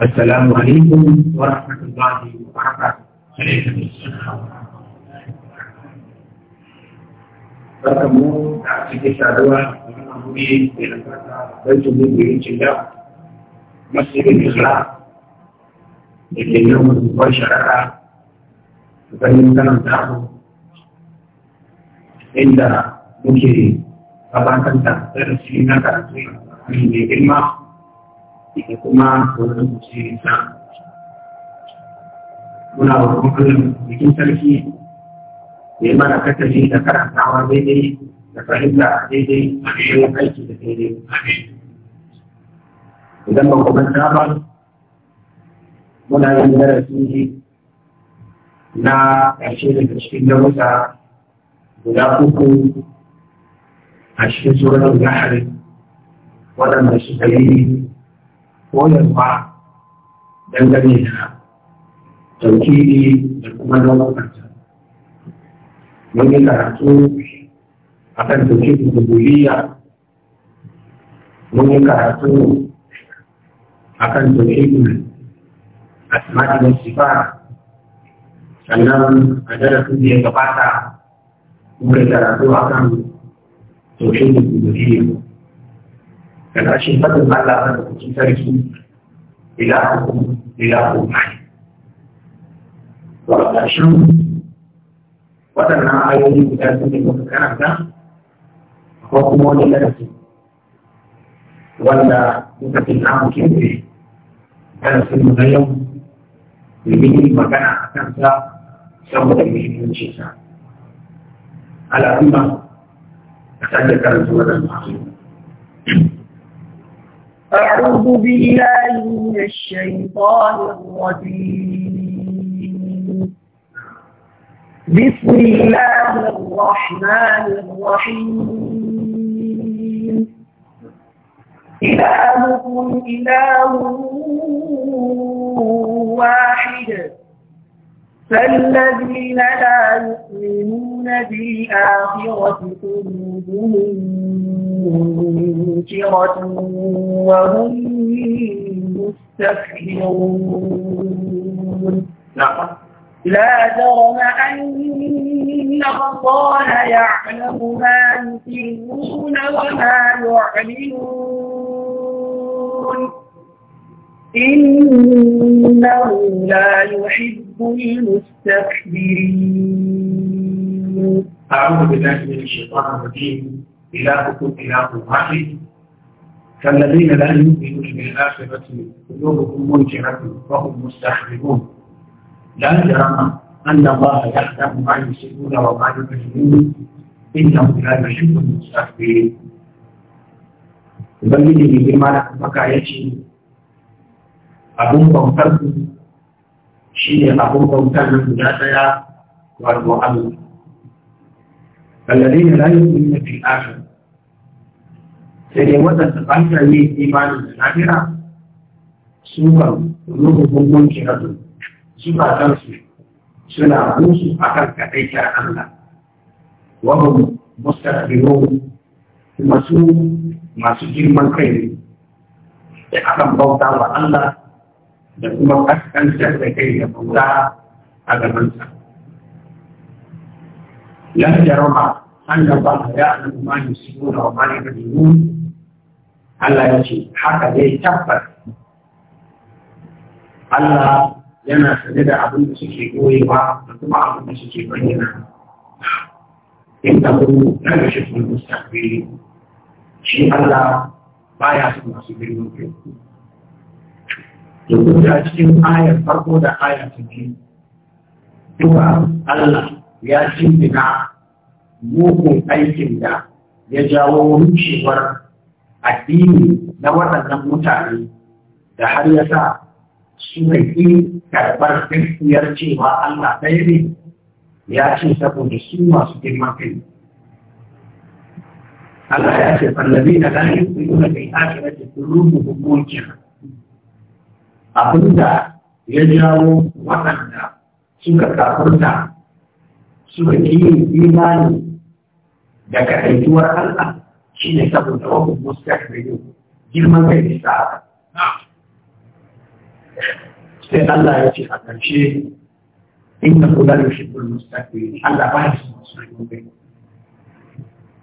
السلام عليكم ورحمة الله وبركاته عليكم السلام Barkamu da cikin saduwa da wannan wuri da lantarka don su gudu yin cinda masjidin Isra da ke nan ganin kanan inda muke gabatar darasi na karatu mai girma kuma wani zuciya sa muna roƙon Allah bikin sarki ya mara mana da karantawa daidai da fahimta daidai da yin aiki da daidai idan ba ku ba muna yin darasi na ƙarshe daga cikin darussa guda uku a cikin tsoron lahari waɗanda suka yi koyarwa dangane da tauhidi da kuma nau'ukanta mun yi karatu a kan tauhidin rububiyya mun karatu a kan tauhidin asma'i da shifa sannan a darasin da ya gabata mun karatu a kan tauhidin rububiyya daga cikin fadin Allah da kuke sarki ilahu ilahu mai wa ƙarshen waɗannan ayoyi guda su ne muka karanta ko kuma wani darasi wanda muka fi namu kebe darasin mu na yau domin yin magana a kansa saboda muhimmanci sa al'umma a sake karanta waɗannan ayoyi أعوذ بالله من الشيطان الرجيم بسم الله الرحمن الرحيم إلهكم إله واحد فالذين لا يؤمنون بالآخرة قلوبهم منكرة وهم مستكبرون نعم. لا جرم أن الله يعلم ما يسرون وما يعلنون إنه لا يحب المستكبرين أعوذ بالله من الشيطان الرجيم إلهكم إله واحد فالذين لا يؤمنون بالآخرة قلوبهم منكرة وهم مستحبرون لا جرم أن الله يحكم ما يسرون وما يعلنون إنهم لا يحب المستكبرين Ubangiji ne girma da maka ya ce, abin bautar shi ne abin bautar na guda ɗaya wato Allah الذين لا fi ƙasa. sai dai waɗanda ba ta yi imanin da lafiya su ba ruhu gungun kiratu su ba san su suna musu a kan kaɗai kyar Allah da biro kuma su masu girman kai ne Sai akan bauta wa Allah da kuma kaskantar da kai da bauta a gabansa. Lan jarama an da ba ya nan ma ne su nuna wa ma da da Allah ya ce haka zai tabbas. Allah yana sanye da abin da suke goyewa da kuma abin da suke bayyana. In da na da shi sun musta shi Allah baya son masu girman kai. da cikin ayar farko da ayar ta biyu Allah ya jingina mugun aikin da ya jawo rucewar addini na waɗannan mutane da har ya sa su ƙi karɓar gaskiyar cewa Allah ɗaya ne ya ce saboda su masu girman kai Allah ya ce fallabi da lahin su yi wani bai ake rage rubu hukunci abinda ya jawo waɗanda suka kafurta suka yi imani daga aikiwar Allah shi ne saboda da yi girman kai da sa'a sai Allah ya ce a ƙarshe inda kula da shi da yi Allah ba shi mustaqbil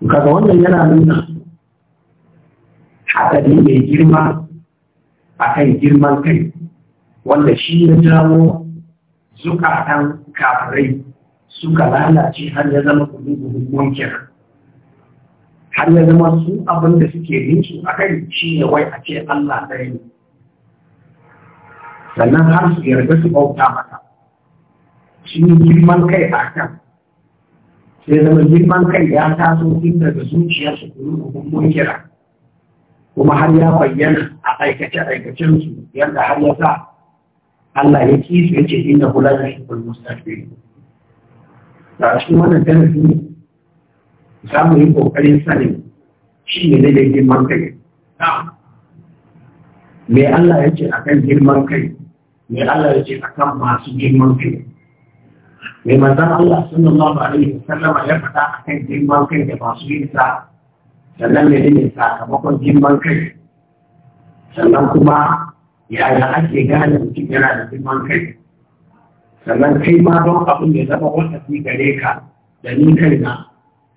kaga wannan yana nuna haɗari mai girma a kan girman kai wanda shi ya jawo zukatan kafirai suka lalace har ya zama kudu-kudu wankin har ya zama su abin da suke rinsu a kai shi ne wai a ce Allah ɗaya ne sannan har su yarda su bauta mata shi ne girman kai a kan sai zama girman kai ya taso tun daga zuciyarsu kudu-kudu kira kuma har ya bayyana a aikace-aikacensu yadda har ya sa Allah ya ki su yace inna hu la yuhibbul mustaqbil da shi wannan darasi za mu yi kokarin sanin shi ne da girman kai me Allah ya ce akan girman kai me Allah ya ce akan masu girman kai me manzon Allah sallallahu alaihi wasallam ya faɗa akan girman kai da masu yin sa sannan ne ne sakamakon girman kai sannan kuma yaya ake gane mutum yana da girman kai sannan kai ma don abin ya zama wata fi gare ka da ni kai na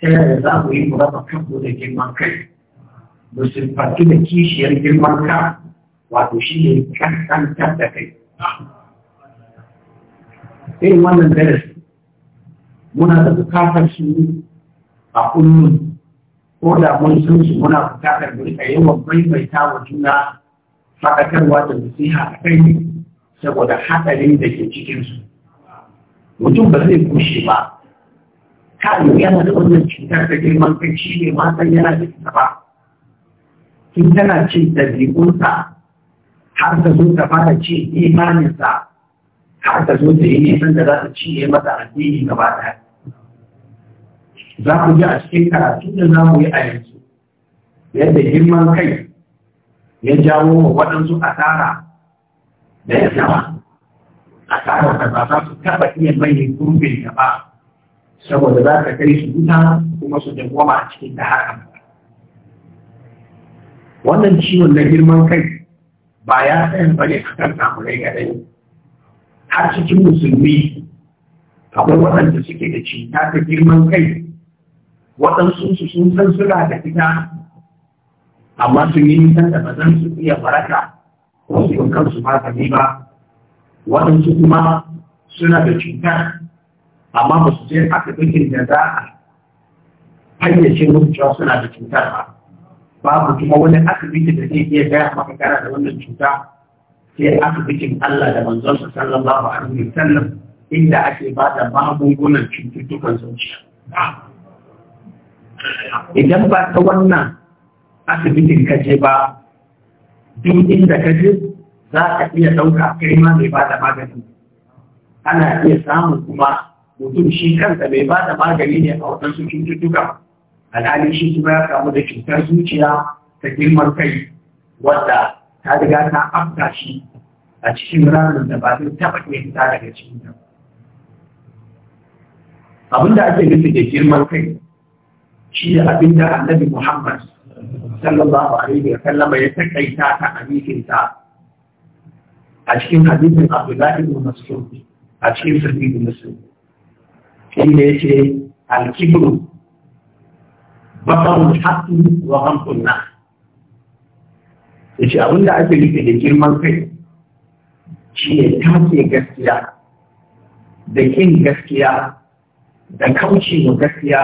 ta yaya za ku yi raba kanmu da girman kai mu siffantu da kishiyar girman ka wato shi ne kankantar da kai irin wannan darasi muna da bukatar su a kullum ko da mun san su muna bukatar mu rika yawan maimaita wa juna faɗakarwa da nasiha a kai saboda hatsarin da ke cikinsu mutum ba zai kushe ba yi yana da wannan cutar da girman kai shi ne ma san yana da ita ba kin tana ce zikunsa har ta zo ta fara ce imaninsa har ta zo ta yi nisan da za ta ciye masa addini gaba ɗaya za ku ji a cikin karatu da za mu yi a yanzu yadda girman kai ya jawo wa waɗansu asara da ya yawa asara da ba za su taɓa iya mai gurbin da ba saboda za ka kai su wuta kuma su dawwama a cikin da haka wannan ciwon na girman kai ba ya tsayin bane a kan samurai gaɗe har cikin musulmi akwai waɗanda suke da cuta ta girman kai waɗansu su sun san suna da ita amma sun yi nisan da ba zan su iya baraka wasu kansu magani ba waɗansu kuma suna da cuta amma ba su je aka ɗauke da za a musu cewa suna da cutar ba babu kuma wani asibiti da zai iya gaya maka kana da wannan cuta sai asibitin Allah da sa sallallahu alaihi wa sallam inda ake ba da magungunan cututtukan zuciya idan ba ta wannan asibitin ka je ba duk inda ka je za ka iya ɗauka kai ma mai bada magani ana iya samun kuma mutum shi kansa mai bada magani ne a waɗansu cututtuka alhali shi kuma ya kamu da cutar zuciya ta girman kai wadda ta riga ta afka shi a cikin ranar da ba zai taɓa iya fita daga cikin ta abinda ake nufi da girman kai shi da abinda annabi muhammad sallallahu alaihi wa sallama ya takaita ta hadisinta a cikin hadisin Abdullahi ibn Mas'ud a cikin sahih Muslim inda yace al-kibru batarul haqqi wa ghamtun nas yace da ake nufi da girman kai shi ne gaskiya da kin gaskiya da kauce ga gaskiya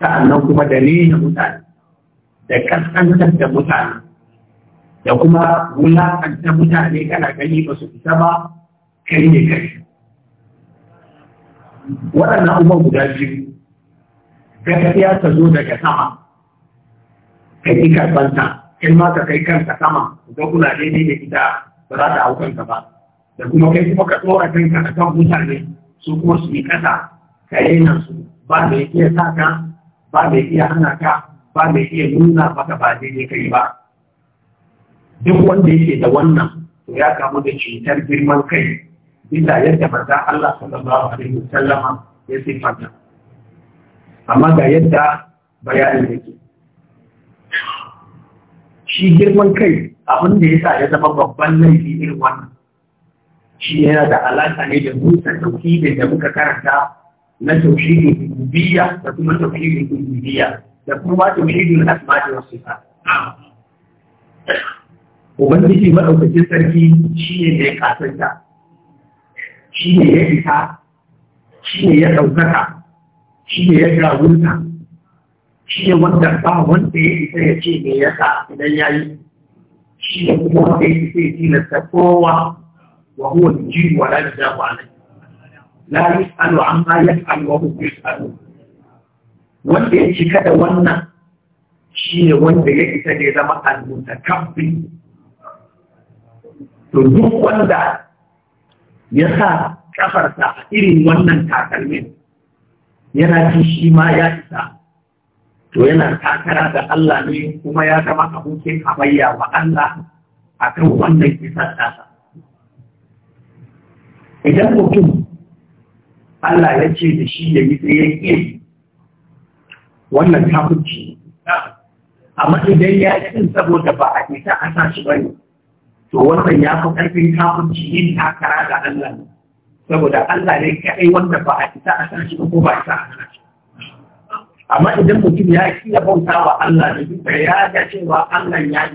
sa'annan kuma da nuna mutane da kaskantar da mutane da kuma wulakanta mutane kana gani ba su fita ba kai ne kai waɗannan umar guda biyu gaskiya ta zo daga sama ka yi karɓanta kai ma ka kai kanka sama ga kula daidai da ita ba za ta hau kanka ba da kuma kai kuma ka tsora kanka a kan mutane su kuma su yi kasa ka yi nan su ba da iya sa ka ba da iya hana ka ba mai iya nuna maka ba daidai kai ba duk wanda yake da wannan to ya kamu da cutar girman kai bisa yadda manzon Allah sallallahu alaihi sallama ya sifanta amma ga yadda bayanin yake shi girman kai abin da ya sa ya zama babban laifi irin wannan shi yana da alaƙa ne da musa tauhidin da muka karanta na tauhidin rububiyya da kuma tauhidin uluhiyya da kuma tauhidul asma'i wasu ta. ubangiji madaukakin sarki shine da ya shi ne ya fita ne ya shi ne ya shi ne wanda ba wanda ya isa ya ce me sa idan ya yi, shi ne kuma wanda ya isa ya tilasta kowa wa huwa jiri wa la yujabu alayhi la ya fi yaf'alu wa hum yus'alun wanda ya cika da wannan shi ne wanda ya isa ne zama almutakabbi to duk wanda ya sa kafarsa a irin wannan takalmin yana ji shi ma ya isa to yana takara da Allah ne kuma ya zama abokin hamayya wa Allah a kan wannan kisar ɗasa. Idan mutum Allah ya ce da shi ya yi tsayen wannan kafinci amma idan ya ci saboda ba a isa a sa shi bane to wannan ya fi ƙarfin kafirci yin takara da Allah ne saboda Allah ne kaɗai wanda ba a isa a sa shi ko ba a isa a sa amma idan mutum ya ki ya bauta wa Allah ne duka ya ga cewa Allah ya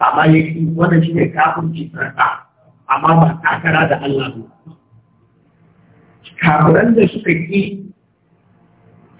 ta amma ya ki wannan shi ne kafirci sarka amma ba takara da Allah ne kafiran da suka ki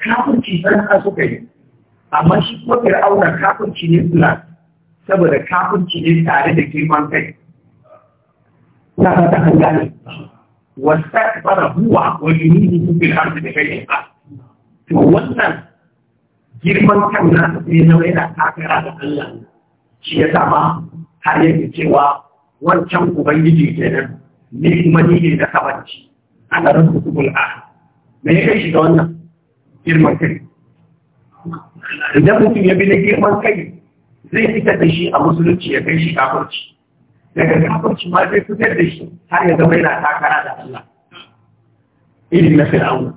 kafirci sarka suka yi amma shi kuma fir'auna kafirci ne plus saboda kafirci ne tare da girman kai ta ta hangane wasta fara huwa wa yunihi da kai bi ba. to wannan girman kan na sai na da takara da Allah shi ya sama har yake cewa wancan ubangiji kenan ne kuma ni ne da kabanci ana rasu kubul'a a me ya kai shi ga wannan girman kai idan mutum ya bi na girman kai zai fitar da shi a musulunci ya kai shi kafarci daga kafarci ma zai fitar da shi har ya zama yana takara da Allah irin na fir'aun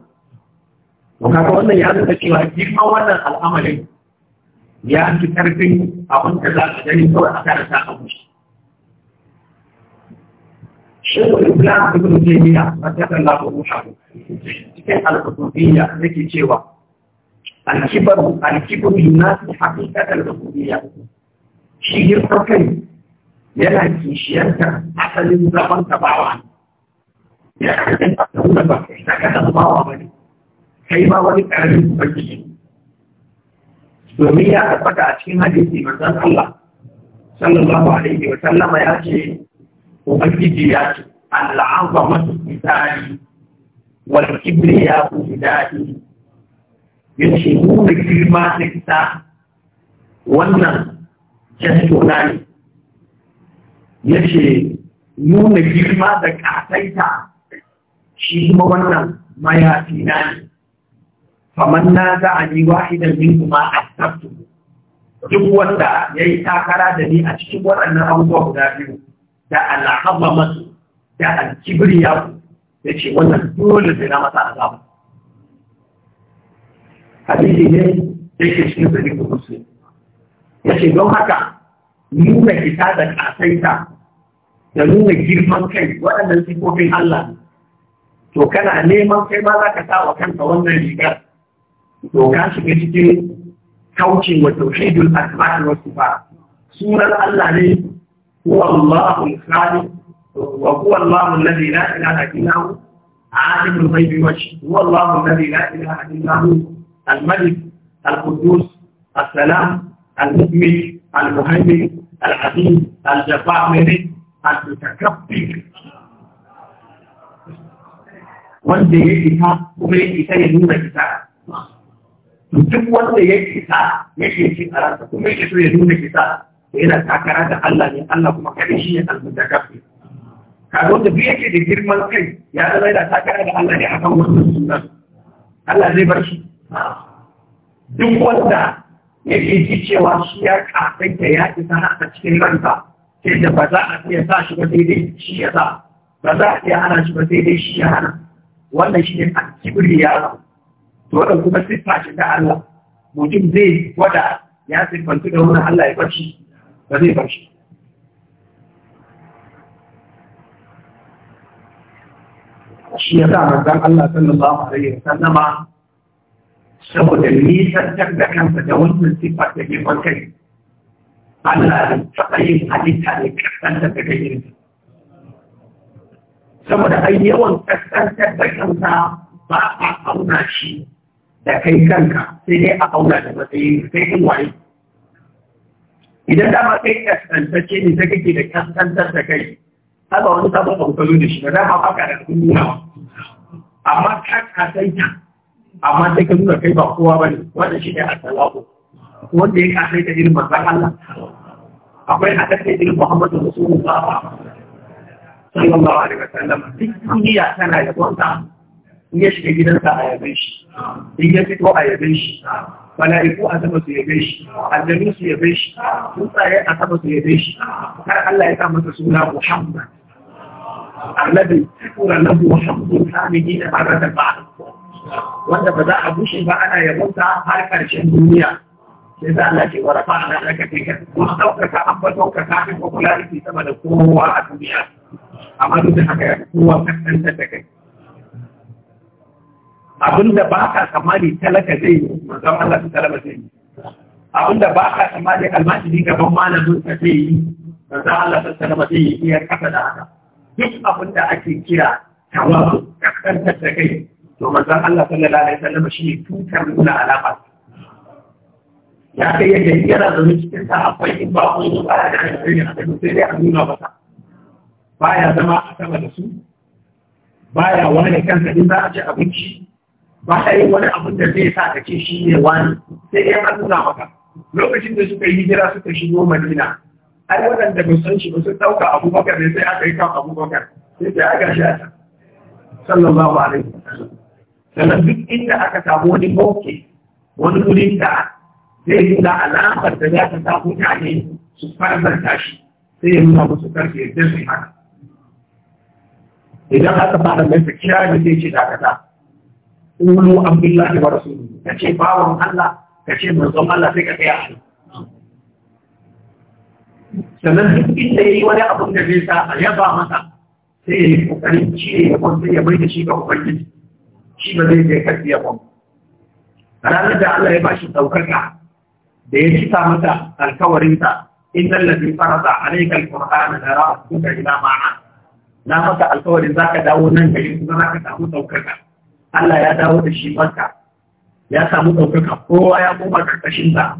to wannan ya nuna cewa girman wannan al'amarin ya fi karfin abin da za ka gani kawai a karanta a shi شيخ الإسلام ابن a مدد الله روحه cikin al-qutubiyya ke cewa alkibar kibaru al-kibaru yunasi haqiqat al-qutubiyya shi girman kai yana kishiyanta asalin zaman tabawa ya kasance a tsawon ba ta kada tabawa ba ne kai ma wani karamin ubangiji domin ya tabbata a cikin hadisi manzon Allah sallallahu alaihi wa sallama ya ce ubangiji ya ce al'azamatu misali wal ya ku hidati ya mu da girma da kita wannan jastona ne yace nuna girma da ƙasaita shi kuma wannan mayafi na ne faman na za a yi wahidan min kuma a tattu duk wanda ya yi takara da ni a cikin waɗannan abubuwa guda biyu da masu da alkibriya ya ce wannan dole zai na masa azabu hadisi ne ya ke shi zari ku musu. ya ce don haka nuna ita da ƙasaita da nuna girman kai waɗannan sifofin Allah to kana neman kai ma za ka sa wa kanka wannan rigar to ka shiga cikin kaucin wa tauhidul asma'i wasu ba sunan Allah ne هو الله الخالق وهو الله الذي لا إله إلا هو عالم الغيب وجه هو الله الذي لا إله إلا هو الملك القدوس السلام المؤمن المهيمن العزيز الجبار المتكبر wanda ya isa kuma ya isa ya nuna isa duk wanda ya isa yake cin kuma yake so ya nuna isa yana takara da Allah ne Allah kuma kada shi ya albuta kafi kaga wanda duk yake da girman kai ya zama yana takara da Allah ne akan wannan sunan Allah zai bar shi duk wanda ke ji cewa shi ya kafaita ya isa a cikin ranta sai da ba za a iya sa shi ba daidai shi ya sa ba za a iya hana shi ba daidai shi ya hana wannan shi ne a kibiri ya to wannan kuma siffa shi da Allah mutum zai gwada ya siffantu da wani Allah ya bar shi ba zai ba shi shi ya sa manzan Allah sallallahu alaihi wa sallama saboda nisantar da kansa da wannan siffar da ke kai Allah da taɓa yin halitta ne kasanta da ga yin saboda ai yawan kasantar da kansa ba a auna shi da kai kanka sai dai a auna da matsayin sai in waye idan da ma kai kaskantacce ne ta kake da kaskantar da kai haka wani sabon kwakwalo da shi da dama baka da nuna amma ka kasaita amma sai ka nuna kai ba kowa ba ne wanda shi ne a talaku wanda ya kasaita irin masu Allah akwai a kasai irin Muhammadu Rasulullah sallallahu alaihi wasallam duk duniya tana da wanda in ya shiga gidansa a yabe shi in ya fito a yabe shi mala'iku a sama su yabe shi aljanu su yabe shi tsuntsaye a sama su yabe shi har Allah ya sa masa suna Muhammad annabi sura lahu wa hamdu hamidi da barata ba wanda ba za a bushe ba ana yabonta har karshen duniya sai da Allah ke warafa ana daga kai kuma ɗaukaka an ba ɗaukaka an sama da kowa a duniya amma duk da haka kowa kan da kai abinda ba ka tsammani talaka zai yi manzon Allah su talaba zai yi abinda ba ka tsammani almajiri gaban malamin ka zai yi manzon Allah su talaba zai yi iya kasa da haka duk abinda ake kira tawazu kaskantar da kai to manzon Allah sallallahu alaihi wasallam shi tutar nuna alaƙa. ya kai yadda yana zama cikin sa akwai in ba kun yi ba da kai sai dai a nuna masa ya zama a sama da su Ba ya wani kansa in za a ci abinci ba ta yi wani abin da zai sa ka ce shi ne wani sai ya an nuna maka lokacin da suka yi hijira suka shigo madina ai waɗanda ba san shi ba su ɗauka abubakar ne sai aka yi kan abubakar sai ta aka shi ta sallallahu alaihi wasallam sannan duk inda aka samu wani boke wani wurin da zai yi da alamar da za ta sa mutane su farzanta shi sai ya nuna musu karfe yadda su haka idan aka fara mai fikira da zai ce dakata ulu abdullahi wa Ka ce bawan Allah Ka kace manzon Allah sai ka tsaya sannan duk inda yi wani abin da zai sa a yaba masa sai ya yi shi ne ya kwanta ya bai da shi ga ubangiji shi ba zai je karfi ya a ranar da Allah ya ba shi daukaka da ya cika masa alkawarinsa a allazi kan alayka da rawa a ila ma'a na maka alkawarin ka dawo nan gari kuma ka samu daukaka Allah ya dawo da shi wanka. ya samu ɗaukaka kowa ya koma ƙarƙashin sa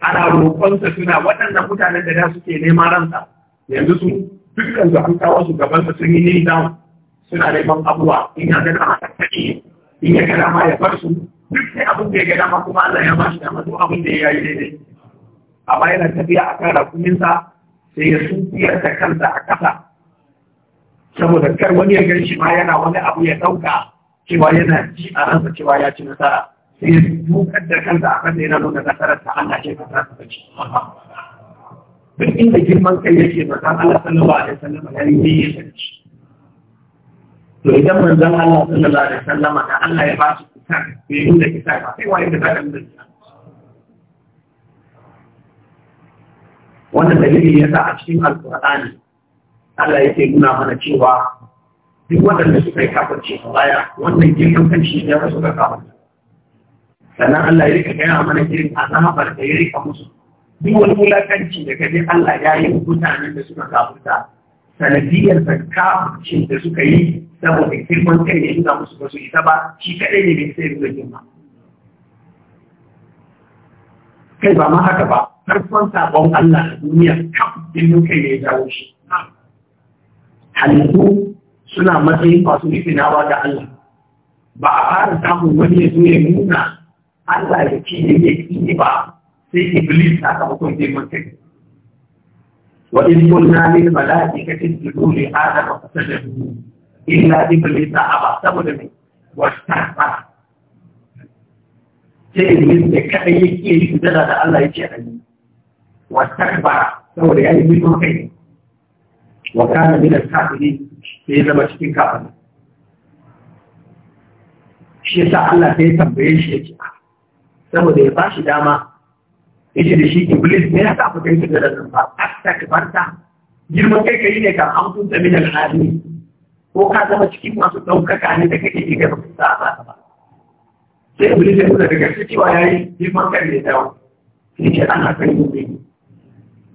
ana roƙonsa suna waɗannan mutanen da da suke neman ransa yanzu su dukkan su an su gaban su sun yi ne suna neman abuwa in ya gada ma in ya gada ma ya bar su duk sai abin da ya gada ma kuma Allah ya ba shi dama duk abin da ya yi daidai amma yana tafiya a kan rakuminsa sai ya sunfiyar da kansa a ƙasa saboda kar wani ya gan shi ma yana wani abu ya ɗauka cewa yana ji a ransa cewa ya ci nasara sai ya dukar da kansa a kansa yana nuna nasarar ta Allah ce nasarar ta ce duk inda girman kai yake manzon Allah sallallahu alaihi wasallam ya yi ya sanci to idan manzon Allah sallallahu alaihi wasallam da Allah ya ba su kusa bai nuna kisa ba sai waye da zaran da wannan dalili ya sa a cikin alqur'ani Allah yake nuna mana cewa duk waɗanda suka yi kafirci a baya wannan girman kanci ne ba suka kafirci sannan Allah ya rika gaya mana a azabar da ya rika musu duk wani wulakanci da kaje Allah ya yi mutanen da suka kafirta sanadiyar kafircin da suka yi saboda girman kai ne ina musu ba su isa ba shi kaɗai ne bai sai nuna girma kai ba ma haka ba farkon sabon Allah a duniya kafin kai ne ya jawo shi halittu suna matsayin masu ba ga Allah ba a fara samun wani ya zo ya nuna Allah ya ce ya ne ba sai iblis sakamakon zai mutum وإذ قلنا للملائكة اسجدوا لآدم فسجدوا Iblis na ba saboda mai واستكبر sai iblis da kaɗai ya yi sujada da Allah ya ce a yi wastakbara saboda ya yi mutum kai wa kana bi da kafirin sai zama cikin kafin shi yasa Allah sai tambaye shi ya ce ah, saboda ya bashi dama ya ce da shi iblis ne ya sa ku kai su da nan ba barta. girman kai kai ne kan an kunta min alhali ko ka zama cikin masu ɗaukaka ne da kake shiga ba sa ba ba sai iblis ya nuna daga cewa yi girman kai ne dawo sai ce ana kan yi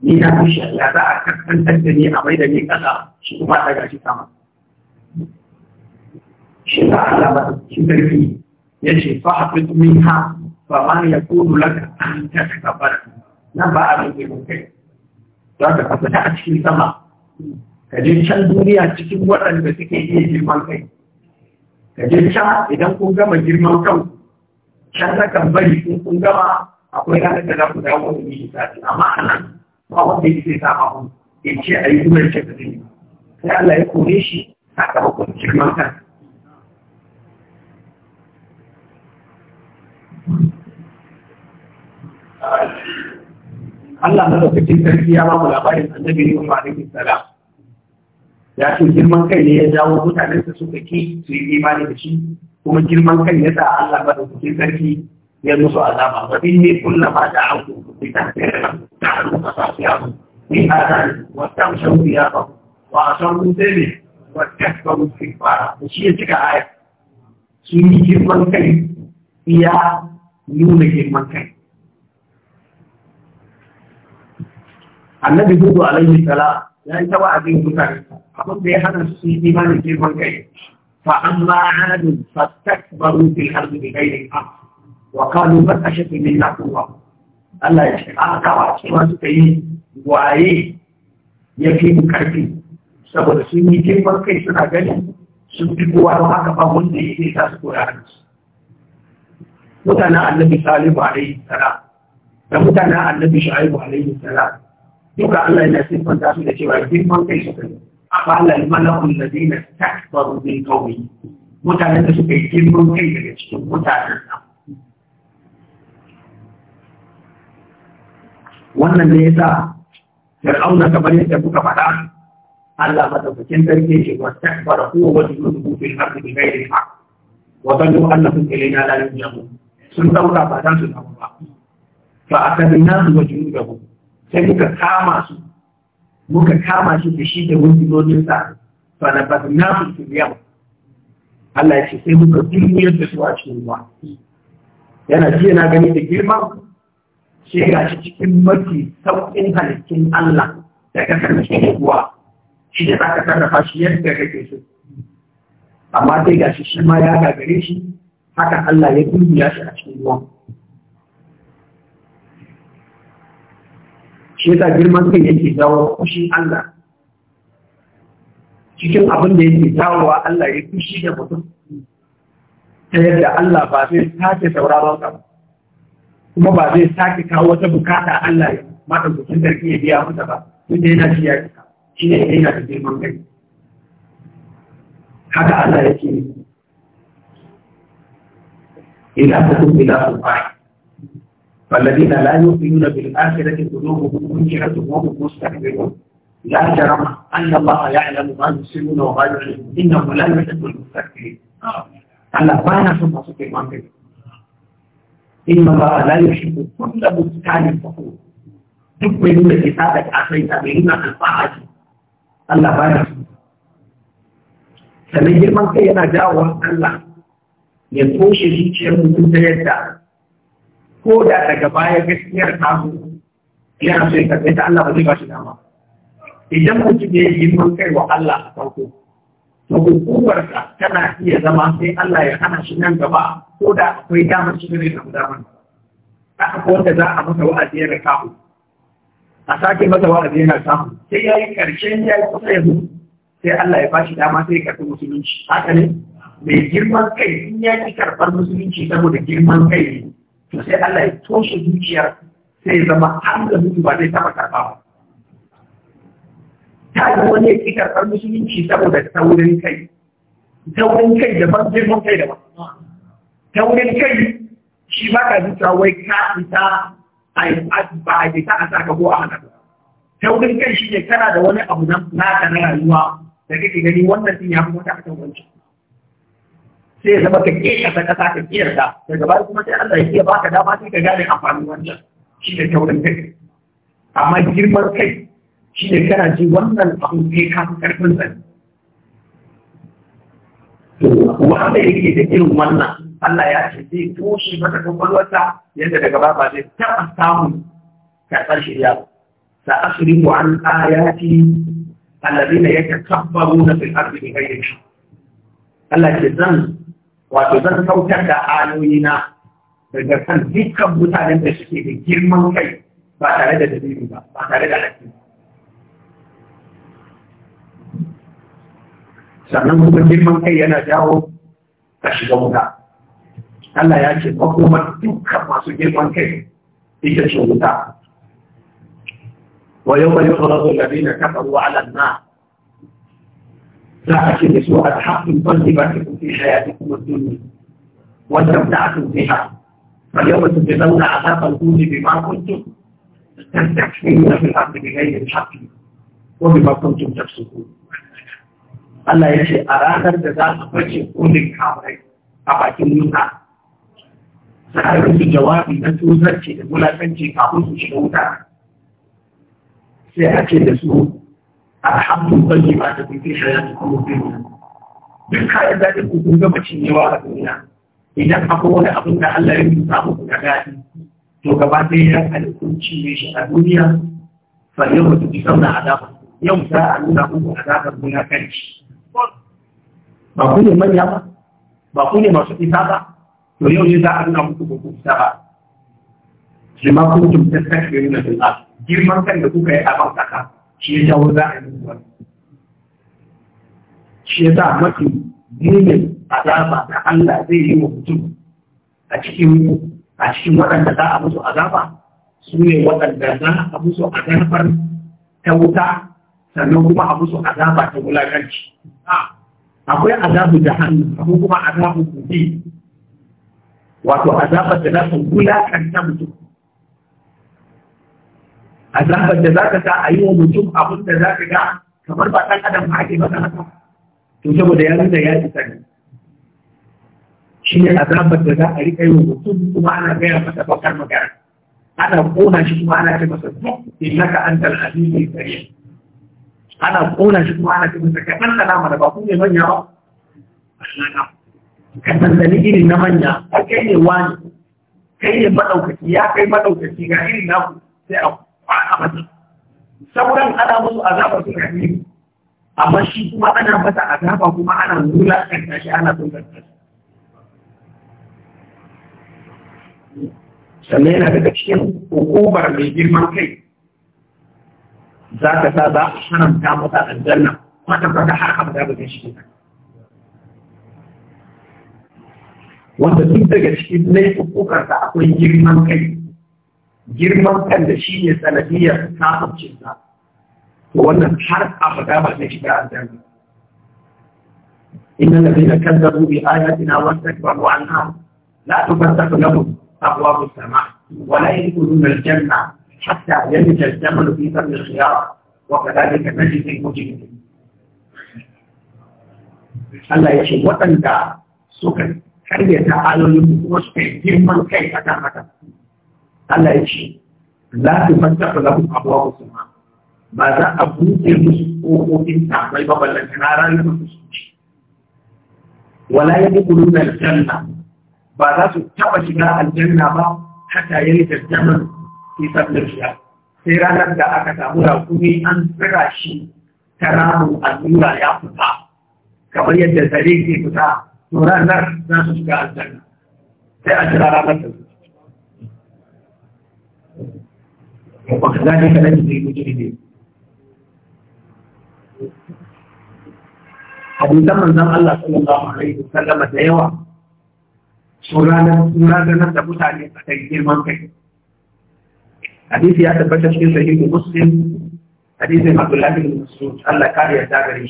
ni na fi shi Allah za a kan da ni a mai da ni kasa shi kuma ta gashi sama shi ta Allah ba shi sarki ya ce fa hafi min ha ba ma ya kodu laka an ta da bar nan ba a rage mun kai za ka fita a cikin sama ka je can duniya cikin waɗanda suke iya girman kai ka je can idan kun gama girman kan can na kan bari sun kun gama akwai ranar da za ku dawo da yi shi amma a nan ba wanda ya ce sama hun ya ce a yi kuma ya ce ka zai sai Allah ya kore shi Allah na lokacin sarki ya bamu labarin annabi ne ba alaihi salam ya ce girman kai ne ya jawo mutanen su suka ki su yi imani da shi kuma girman kai ya sa Allah na da sarki ya musu azaba wa Wani ne kullu ma da aku bi tahfira Ni fasasiyahu ta hada wa ya biya wa asamu ne? واستكبروا استكبارا وشي يجيك aya? sun yi girman kai iya nuna girman kai annabi hudu alaihi sala ya yi taba abin mutane abin da ya hana su yi imanin girman kai fa amma adun fastakbaru fil ardi bi ghairi haq wa qalu man ashadu minna quwwa Allah ya ce A wa su ma yi waye ya fi mu karfi saboda sun yi girman kai suna gani sun fi kowa don haka ba wanda ya ke sa su koya da su mutanen annabi salihu alaihi sara da mutanen annabi shu'aibu alaihi sara duka Allah yana siffanta su da cewa girman kai suka yi a Allah ya mana zai na takbaru min kawai mutanen da suka yi girman kai daga cikin mutanen nan wannan ne sa fir'auna kamar yadda kuka faɗa Allah madaukakin sarki ce wa takbara ko wa junubu fil ardi bi ghairi haqq wa dhallu annahum ilayna la yurja'un sun dauka ba dan su dawo ba fa akadna su wa junubu sai muka kama su muka kama shi da shi da wundunonin sa fa na badna su fil yam Allah ya ce sai muka duniyar da su a cikin ruwa yana ji yana gani da girma shi ga shi cikin mafi sauƙin halittun Allah da kasar ruwa shi ne za ka sarrafa shi yadda kake so amma sai ga shi shi ma ya gagare shi haka Allah ya dubiya shi a cikin ruwan shi yasa girman kai yake jawo kushin Allah cikin abin da yake jawowa Allah ya kushi da mutum ta yadda Allah ba zai sake sauraron ka kuma ba zai sake kawo wata bukata Allah ya mata gudun sarki ya biya mata ba tunda yana shi ya ka. shi إلينا da yana da girman kai haka إلى حكم إلى لا يؤمنون بالآخرة قلوبهم منكرة وهم مستكبرون لا جرم أن الله يعلم ما يسرون وما يعلمون إنه لا يحب المستكبرين ألا بانا ثم سكر إن الله لا يحب كل مستكبر فخور تؤمنون بكتابك أخيت بهما الطاعة Allah ba ya sannan girman kai yana jawo Allah ya toshe zuciyar mutum ta yadda ko da daga baya gaskiyar tamu yana so ya karɓe ta Allah ba zai ba shi dama idan mutum ya yi girman kai wa Allah a farko to hukumarsa tana iya zama sai Allah ya hana shi nan gaba ko da akwai damar shi ne da damar haka ko wanda za a masa wa'azi ya rika a sake masa wa'azi yana samu sai ya yi karshen ya yi kusa yanzu sai Allah ya bashi dama sai ya karfi musulunci haka ne mai girman kai in ya ki karɓar musulunci saboda girman kai ne to sai Allah ya toshe zuciyar sai ya zama har da mutu ba zai taɓa karɓa ba ta yi wani ya ki karɓar musulunci saboda taurin kai taurin kai daban girman kai daban taurin kai shi ba ka zuciya wai ka fita ba a fita a saka ko a haka taurin kai shi ne kana da wani abu na naka na rayuwa da kake gani wannan shi ya fi wata akan wancan sai ya zama ka ke kiyarta kasa ka kiyarta daga baya kuma sai Allah ya iya baka dama sai ka gane amfanin wancan shi ne taurin kai amma girman kai shi ne kana ji wannan abu kai ka fi karfin sani wanda yake da irin wannan Allah ya ce zai toshe mata kwakwalwarsa yadda daga ba ba zai taɓa samun karɓar shirya ba. Sa asiri mu an ayati allazina na fil ardi bi ghayri ilm. Allah ce zan wato zan saukar da na daga kan dukkan mutanen da suke da girman kai ba tare da dalili ba ba tare da alaƙi. sannan kuma girman kai yana jawo a shiga wuta Allah ya ce makomar dukkan masu girman kai ita ce wuta wa yau bai tsoron zolabi na kafaru ala na za a ce da su a haɗin banki ba ta kufi hayati kuma duniya wanda ta a tun fiha fa yau mutum bai zauna a zafin duniya bai ma kuntum tattakin na fil ardi bi ghairi al-haqqi wa bima kuntum Allah ya ce a ranar da za su fice kullin kafirai a bakin wuta za a rufe jawabi na tuzarci da wulaƙanci kafin su shiga wuta sai a ce da su a hamdu bayi ba ta kuke shaya da kuma duniya duk kayan daɗin ku kun gama cinyewa a duniya idan akwai wani abin da Allah ya rubuta muku na daɗi to gaba ɗaya ya halittun cinye shi a duniya fa yau ba su ji sauna azaba yau za a nuna muku azabar wulaƙanci ba ku ne manya ba ba ku ne masu isa ba to yau ne za a nuna muku ba ku fita ba lima kun tum ta sa shi na da girman kan da kuka yi a ban kasa shi ya jawo za a yi muku wani shi ya sa mafi mumin azaba da Allah zai yi wa mutum a cikin a cikin waɗanda za a musu azaba su ne waɗanda za a musu azabar ta wuta sannan kuma a musu azaba ta wulakanci akwai azabu jahannu akwai kuma azabu kuɗi wato azabar da za ka kan ta mutum azabar da za ka sa a yi wa mutum abin da za ka ga kamar ba ɗan adam ba ake masa haka to saboda ya da ya isa ne shi ne azabar da za a riƙa yi wa mutum kuma ana gaya masa bakar magana ana ƙona shi kuma ana ce masa duk innaka antal azizul karim ana ƙona shi kuma ana ce masa da ɗan mana ba ku ne manya ba ka zanzani irin na manya a kai ne wani kai ne maɗaukaki ya kai maɗaukaki ga irin naku sai a kwana mata sauran ana musu azaba su ka ne amma shi kuma ana masa azaba kuma ana nuna kanta shi ana son kanta sannan yana daga cikin hukumar mai girman kai za ka sa za a haramta masa aljanna kwata-kwata har abada ba zai shi ne wanda duk daga cikin laifukan da akwai girman kai girman kan da shi ne sanadiyar kafin sa to wannan har abada ba zai shiga aljanna إن الذين كذبوا بآياتنا واستكبروا عنها لا تفتح لهم أبواب السماء ولا يدخلون الجنة حتى يلج الجمل في فم الخيار وكذلك نجد المجرمين. Allah ya ce waɗanda suka ta karyata ayoyin kuma suka yi girman kai a kan haka Allah ya ce la su fanta da lafi abuwa ku ba za a buɗe musu ta tafai ba kana na rayuwar su ci wala ya yi kuru da aljanna ba za su taɓa shiga aljanna ba hata ya da jajjaman isar da sai ranar da aka samu raƙumi an tsira shi ta a allura ya fita kamar yadda zare ke fita ونحن ناس كعدنا في أجل رغبتنا وكذلك نجزي مجهدين أبو تم أن الله صلى الله عليه وسلم سيوى سرانا سرانا تبوت عليه فتيجير منك حديثي هذا بشر شيء سيد مسلم حديثي عبد الله بن مسعود الله كان يتابعني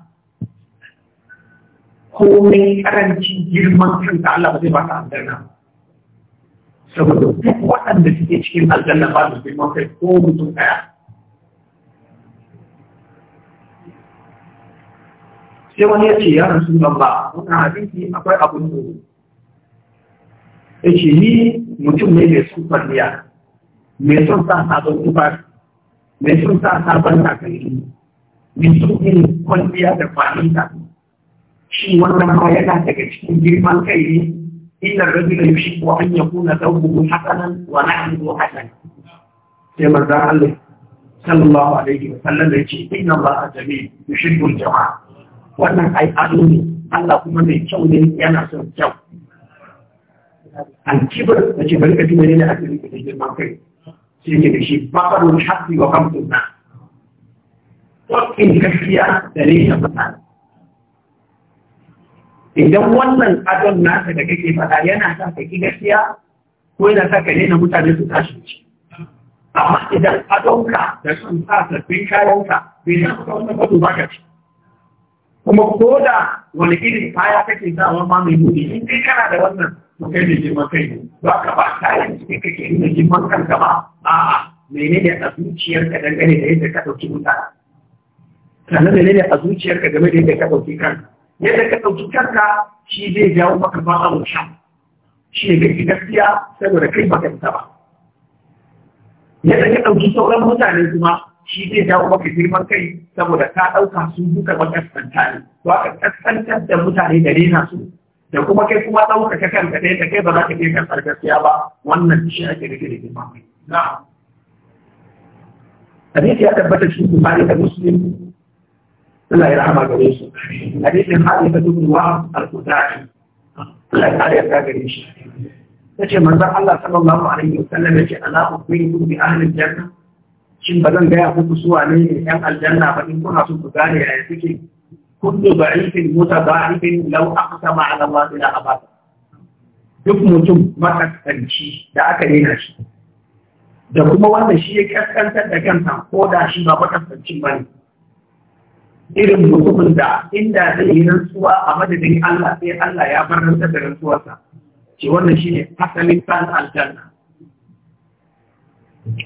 komai karancin girman kanka Allah ba zai baka aljanna saboda duk waɗanda suke cikin aljanna ba su girman kai ko mutum ɗaya sai wani ya ce yaran sun ban ba wannan hadisi akwai abun tsoro ya ce ni mutum ne mai son kwalliya mai son sa sabon tufafi mai son sa sabon takalmi mai son yin kwalliya da kwalliya شيء وانما يلاك الرجل يشك وأن يكون ثوبه حسنا ونحن حسنا يا مرضى صلى الله عليه وسلم إن الله جميل يشك الجوع وانما أي أدوني الله كما من شوني أنا سوى الجوع الكبر أجبر أجمالي لأجل جرما كيري سيدي بشي بقر الحق وقمت الناس وقت كفية دليل مثلا idan wannan adon nasa da kake faɗa yana sa ka ki gaskiya ko yana sa ka daina mutane su tashi ci amma idan adonka da sun sa sabbin kayanka bai sa ka wannan batu ba ka ci kuma ko da wani irin kaya kake sawa ma mai buɗe in kai kana da wannan to kai ne girman kai ba ka ba kayan cikin kake nuna girman kanka ba a'a menene a zuciyarka dangane da yadda ka ɗauki mutane sannan menene a zuciyarka game da yadda ka ɗauki kanka yadda ka ɗauki kanka shi zai jawo maka ba a sha shi ne kai gaskiya saboda kai ba kanta ba yadda ka ɗauki sauran mutane kuma shi zai jawo maka girman kai saboda ka ɗauka su duka makaskanta ne to aka kaskantar da mutane da rena su da kuma kai kuma ɗaukaka kanka ɗaya da kai ba za ka iya kan gaskiya ba wannan shi ake rike da girman kai. Hadisi ya tabbata shi Bukhari da Muslim Allah ya rahama gare su hadisin hadisa dubul wa al-qudai Allah ya yarda gare shi yace manzon Allah sallallahu alaihi wasallam yace ana ukhbiru bi ahli al-janna shin ba zan gaya muku su wane ne yan aljanna ba in kuna so ku gane yaya suke kullu da'ifin mutada'ifin law aqsama ala Allah la abada duk mutum makasanci da aka daina shi da kuma wanda shi ya kaskantar da kansa ko da shi ba makasancin ba ne irin mutumin da inda zai yi rantsuwa a madadin Allah sai Allah ya bar rantsa da rantsuwarsa ce wannan ne asalin san aljanna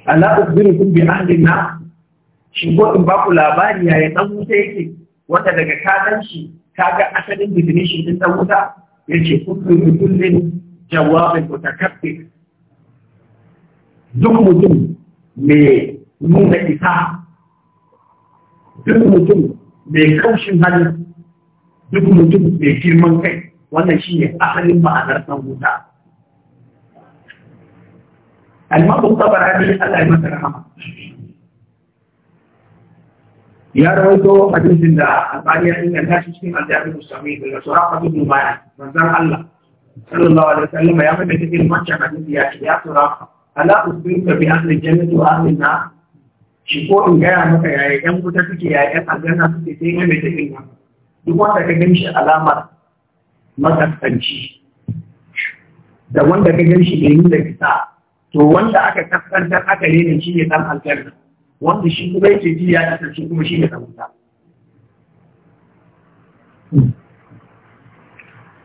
Allah kun bi na shi ko in ba labari ya ya dan wuta yake wata daga kadan shi kaga asalin definition din dan wuta yace kullu kullin jawabin mutakabbir duk mutum mai nuna isa duk mutum mai kaushin hali duk mutum mai girman kai wannan shi ne asalin ma'anar ɗan wuta almabu kabara ne Allah ya masa rahama ya rawaito hadisin da albani ya inganta shi cikin aljabi musamman daga surafa ibn bayan manzon Allah sallallahu alaihi wasallam ya mai da cikin wancan hadisi ya ce ya surafa ala usbirka bi ahli jannati wa ahli nar shi ko in gaya maka yaya yan kuta suke yaya yan aljanna suke sai ne mai tafi ba duk wanda ka gan shi alamar makasanci da wanda ka gan shi bai da fita to wanda aka kaskantar aka rena shi ne dan aljanna wanda shi kuma yake ji ya shi kuma shi ne dan wuta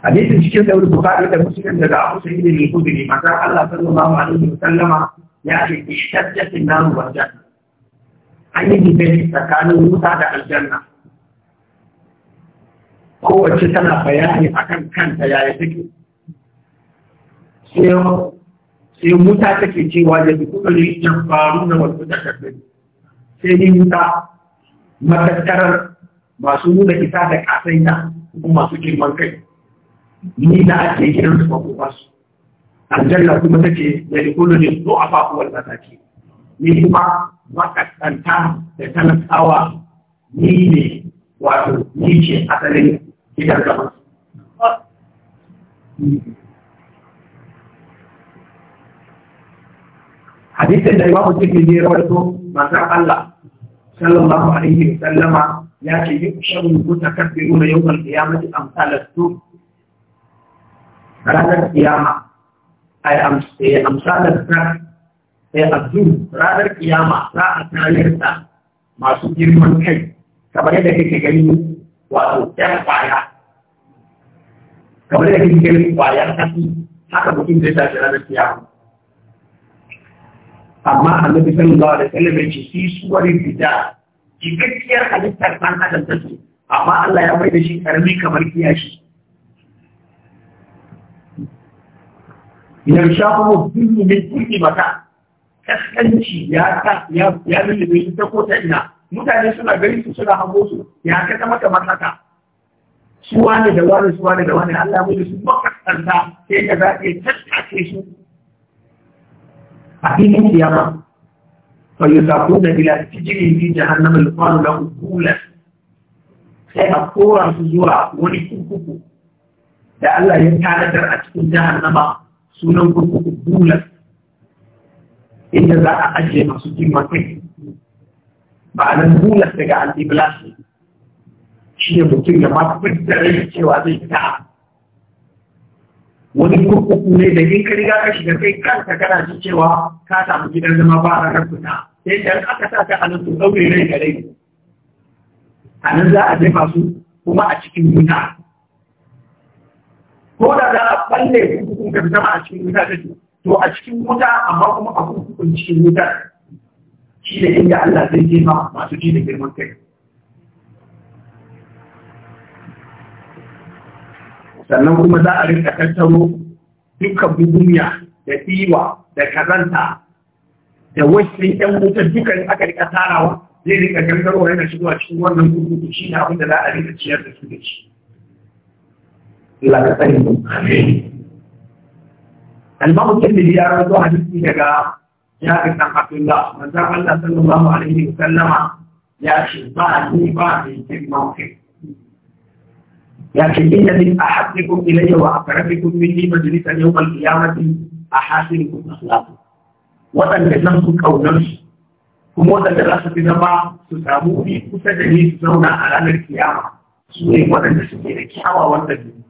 hadisin cikin da bukari da musulun daga abu sai ne ne kudiri Allah sallallahu alaihi wa sallama ya ce ishtaddatin naru wa jannah an yi tsakanin wuta da aljanna kowace tana bayani kan kanta yaya take sai wuta take cewa da dukkan rijiyar faru na wasu takardun sai ni wuta matattarar masu nuna isa da na kuma masu girman kai ni na ake gidan su ba su aljanna kuma take da dukkan rijiyar zo a fafuwar mataki ni kuma makasanta da talakawa ni ne wato ni ce asalin gidan gaba. Hadisin da Imam Tirmidhi ne rawaito manzon Allah sallallahu alaihi wa sallama ya ce yi yushabul mutakabbiruna yawmal qiyamati amsal as-suq ranar kiyama a yi eh, amsalar suq sai a zu ranar kiyama za a tayar da masu girman kai kamar yadda kake gani wato ɗan kwaya kamar yadda kake gani kwayar kasi haka mutum zai tashi ranar kiyama amma annabi sallallahu alaihi da ya su yi suwarin fita jikakkiyar halittar ɗan adam take amma Allah ya mai da shi ƙarami kamar kiyashi yarshahu ne mai kulli mata kaskanci ya ta ya ya lulluɓe ta ko ta ina mutane suna gari su suna hango su ya ka ta mata su wane da wane su wane da wane Allah mu su makaskanta sai ka za ke tattake su a filin kiyama fa yusafuna ila tijri fi jahannam al-qalu lahu qulat sai a kora su zuwa wani kurkuku da Allah ya tanadar a cikin jahannama sunan kurkuku bulas inda za a ajiye masu Ba kai nan bulas daga antiblasi shi ne mutum ya ma fitar rai cewa zai fita wani kurkuku ne da in ka riga ka shiga kai kanka kana ji cewa ka samu gidan zama ba a ranar fita sai da aka sa ka a nan su ɗaure rai ga rai a nan za a jefa su kuma a cikin wuta ko da za a balle kurkukun ka fita a cikin wuta ta ce to a cikin wuta amma kuma a kuma cikin wuta shi da inda Allah zai ma masu ji da girman kai sannan kuma za a rinka tattaro dukkan duniya da tiwa da karanta, da wasu yan wutar dukkan aka rika tarawa zai rika gangarwa yana shigowa cikin wannan kurkuku shi ne abin da za a rika ciyar da su da shi. Allah ka tsari mu. Amin. al-Imam Tirmidhi ya rawaito hadisi daga Jabir bin Abdullah manzon Allah sallallahu alaihi wa sallama ya ce ba ni ba ni girman kai ya ce inna min ahabbikum ilayya wa aqrabikum minni majlisan yawm al-qiyamati ahasinukum akhlaqu wadanda zan ku kaunar su kuma wadanda za su zama su samu kusa da ni su zauna a ranar kiyama su ne wadanda suke da kyawawan dabi'u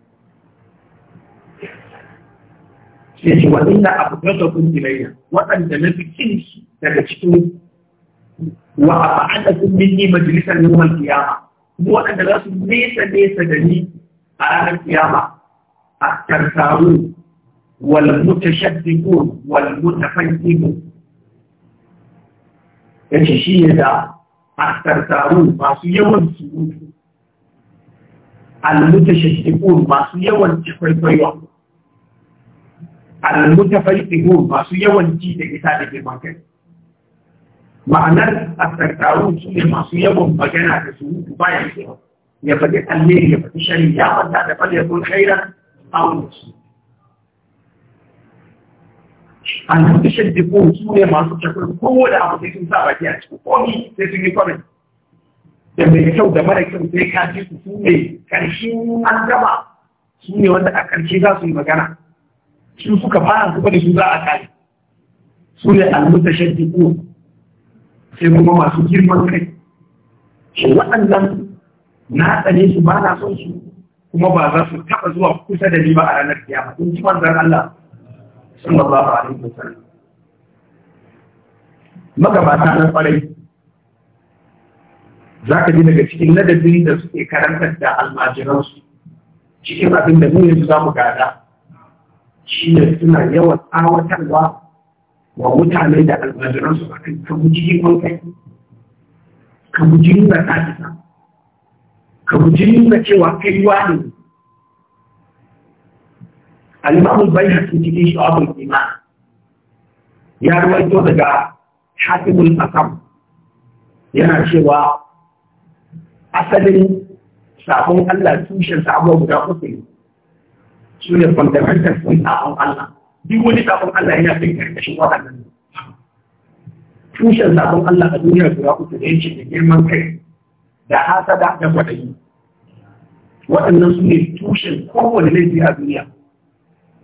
sai shi ce wa inna abghadakum ilayya waɗanda na fi kin daga cikin wa ab'adakum minni majlisan yawm al-qiyamah kuma waɗanda za su nesa nesa da ni a ranar kiyama a tarsaru wal mutashaddiqun wal Ya ce shi ne da a tarsaru masu yawan surutu al mutashaddiqun masu yawan kwaikwaiwa al-mutafaqihun masu ji da ita da girman kai ma'anar asartaru su ne masu yawan magana da su bayan su ya faɗi alheri ya faɗi shari ya wanda da ya kun khairan awon su al da diko su ne masu kowa da abu sai sun sa baki a cikin komi sai sun yi kwamin da mai kyau da mara kyau sai ka ji su su ne ƙarshen an gaba su ne wanda a ƙarshe za su yi magana su suka fara kuma da su za a kare su ne ko sai kuma masu girman kai shi waɗannan na tsane su ba na son su kuma ba za su taɓa zuwa kusa da ni ba a ranar kiyama in ji manzan Allah sallallahu alaihi wasallam magabata na kwarai za ka ji daga cikin ladabin da suke karantar da almajiransu cikin abin da mu yanzu za mu gada shi ne suna yawan tsawatarwa wa mutane da almajiransu a kan ka guji himan kai ka guji nuna kafisa ka guji nuna cewa kai yi wani alimamun bai hakin cikin shi abin ima ya ruwaito daga hatimun asam yana cewa asalin sabon allah tushen sabon guda uku su ne fundamental sun sabon Allah duk wani sabon Allah yana fin karkashin waɗannan tushen sabon Allah a duniya guda uku da yake da girman kai da hasada da kwaɗayi waɗannan su ne tushen kowane laifi a duniya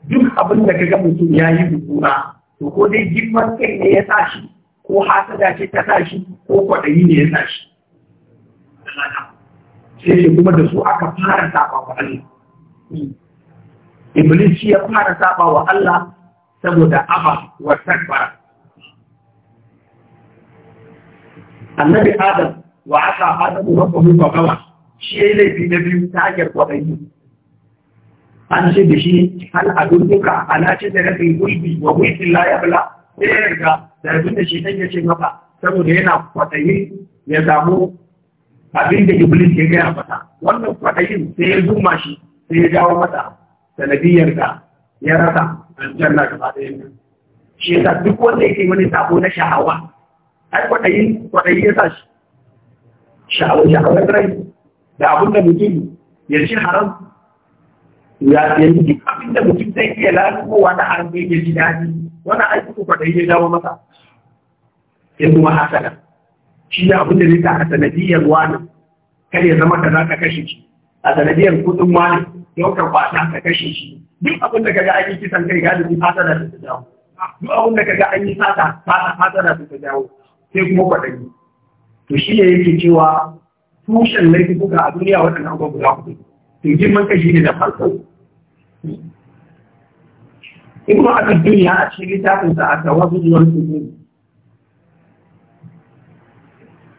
duk abin da kaga mutum ya yi hukuma to ko dai girman kai ne ya sa shi ko hasada ce ta sa shi ko kwaɗayi ne ya sa shi sai kuma da su aka fara saba wa Allah Iblis shi ya fara saba wa Allah saboda aba wa takbara. Annabi Adam wa aka Adamu rabbahu fa gaba shi ne laifi na biyu ta hanyar kwaɗayi. An ce da shi hal adulluka ala ce da rabin gulbi wa gulbin la yabla sai ya da rabin da shi ya ce maka saboda yana kwadayi ya samu abin da Iblis ya gaya masa. Wannan kwaɗayin sai ya zuma shi sai ya jawo masa sanadiyarka ya rasa aljanna gaba ɗaya shi yasa duk wanda yake wani sabo na sha'awa ai kwaɗayi kwaɗayi ya sa shi sha'awar rai da abin da mutum ya ci haram ya yanzu duk abin da mutum zai iya lalubowa na haram da yake ji daɗi wani aiki ko kwaɗayi ya dawo masa ya zama hasala shi ne abin da zai sa a sanadiyar wani kar ya zama ka za ka kashe shi a sanadiyar kudin wani ɗaukar kwasa ka kashe shi duk abin da kaga an yi kisan kai galibi fata da ta dawo duk abin da kaga an yi fata fata da ta dawo sai kuma kwaɗayi to shi ne yake cewa tushen laifi kuka a duniya waɗannan abubuwa guda hudu to girman kashi ne da farko in ma aka duniya a cikin littafinsa a tawazu zuwa su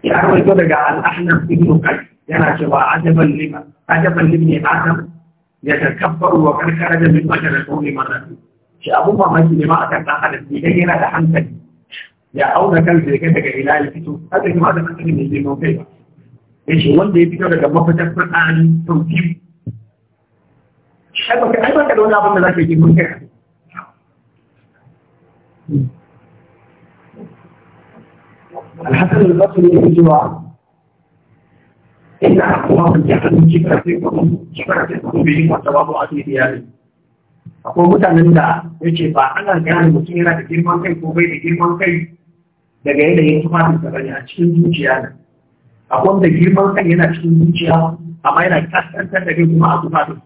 ya rawaito daga al'ahnan ibn kai yana cewa ajaban liman ajaban liman adam ya takabbar wa karkara da min mata da tsoni mata shi abun mamaki ne ma a kan ɗan adam idan yana da hankali ya auna kansa ya kai daga ila ya fito haka ne ma da hankali ne zai mafi ba ya ce wanda ya fito daga mafitar tsakani sau biyu ai baka ai baka da wani abin da zaka yi mun kai ne ya يجي inda akwai wani ya kan ci karfe kuma ci karfe kuma wata babu a cikin akwai mutanen da ya ce ba ana gane mutum yana da girman kai ko bai da girman kai daga yadda ya yanayin fatan da bane a cikin zuciya ne akwai wanda girman kai yana cikin zuciya amma yana kaskantar da kai kuma a tufafin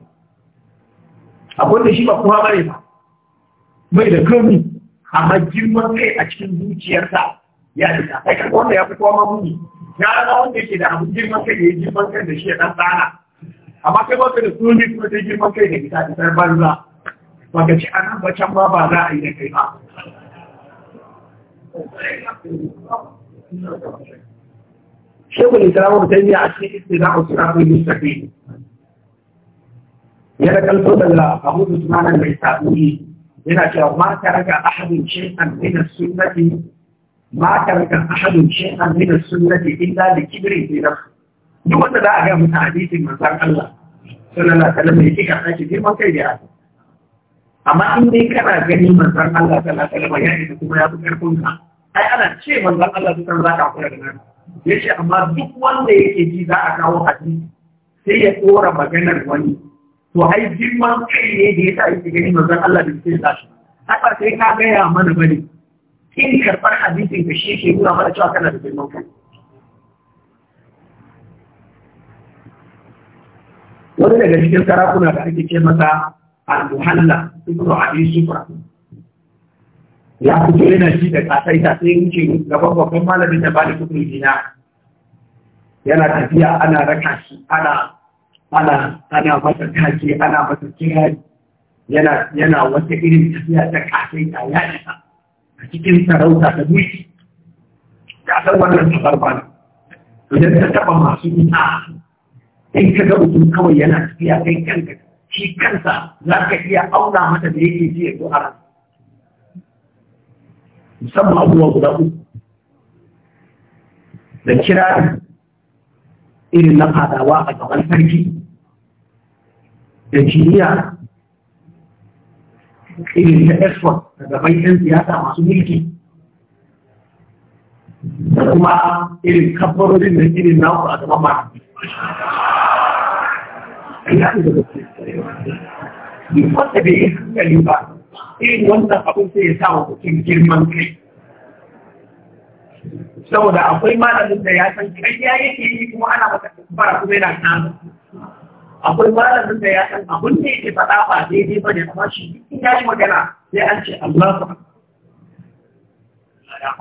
akwai wanda shi ba kuma bane ba bai da komi amma girman kai a cikin zuciyarsa ya fita kai wanda ya fi kowa ma mamuni ya zama wanda yake da abin girman kai da girman kai da shi ya dan tsana amma kai baka da tsoni kuma ta girman kai da ita da tsar banza baka ci anan ba can ba ba za a yi da kai ba shekul islam ibn taymiya a cikin istida'u siratul mustaqim yana kalfo da abu usman mai baytaqi yana cewa ma taraka ahadin shay'an min as-sunnati ma karka ahadun shay'an min as-sunnati illa li kibri fi nafsi duk wanda za a ga mutum hadisin manzon Allah sallallahu alaihi wasallam ya kika sake girman kai da haka amma in dai kana gani manzon Allah sallallahu alaihi wasallam ya yi kuma ya fi karfin ai ana ce manzon Allah sun za ka kula da nan yace amma duk wanda yake ji za a kawo hadisi sai ya tsora maganar wani to ai girman kai ne da ya sa yake gani manzon Allah da yake shi. haka sai ka gaya mana bane in karɓar hadisin da shi ke nuna mana cewa kana da girman kai wani daga cikin sarakuna da ake ce masa al-muhalla ibnu abi sufra ya fito yana ji da kasai ta sai wuce gaban babban malamin da ba da kuɗin dina yana tafiya ana raka shi ana ana ana masa kaji ana masa yana yana wata irin tafiya ta kasai ta ya isa a cikin sarauta da mulki ka san wannan ba ne idan ta taba masu ina in ka ga mutum kawai yana tafiya kai kanka shi kansa za ka iya auna mata da yake ji ya zuwa musamman abubuwa guda uku da kira irin na fadawa a gaban sarki da jiniya irin ta eswar siyasa masu mulki da kuma irin kabbarorin da irin a gaban wanda bai yi ba irin wannan abin sai ya mutum girman kai saboda akwai malamin da ya san kai ya yake yi kuma ana masa kuma yana akwai malamin da ya san abin da yake faɗa ba daidai ba ne amma shi in ya yi magana sai an ce Allah ba.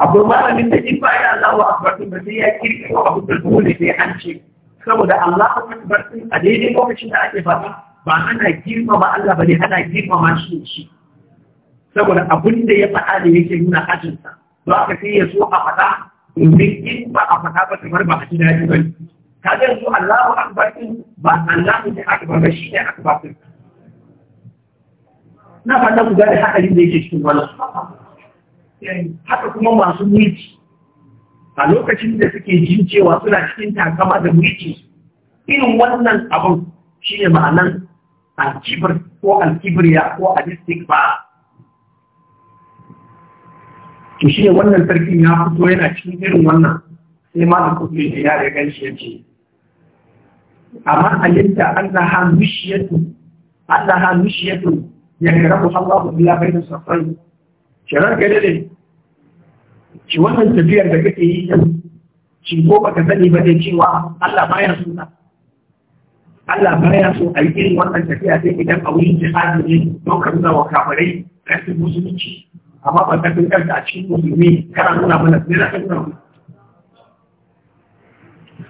Akwai malamin da in ba ya Allah wa akbar ba sai ya kirkiro abin da dole sai an ce saboda Allah wa akbar a daidai lokacin da ake faɗa ba ana girma ba Allah ba ne ana girma girmama shi shi. Saboda abin da ya faɗa da yake nuna ajinsa. Ba aka sai ya so a faɗa domin in ba a faɗa ba kamar ba a ji daɗi ba ne. kaga yanzu Allahu akbar din ba Allahu ne akbar ba shi ne akbar din na fata ku gane hadarin da yake cikin wannan haka kuma masu mulki a lokacin da suke jin cewa suna cikin takama da mulki irin wannan abun shi ne ma'anan alkibir ko alkibriya ko alistik ba to shi ne wannan sarkin ya fito yana cikin irin wannan sai malam kuɗi da ya riga shi ya ce amma alinta allaha mishiyatu allaha mishiyatu yakrahu Allahu biha bainas safai kiran gare ne ci wannan tafiyar da kake yi yau ci ko baka sani ba dai cewa Allah baya so ta Allah baya so a yi irin wannan tafiya sai idan a wurin jihadi ne dokar zawa kafirai karfin musulunci amma ba fi karta a cikin musulmi kana nuna mana sai na nuna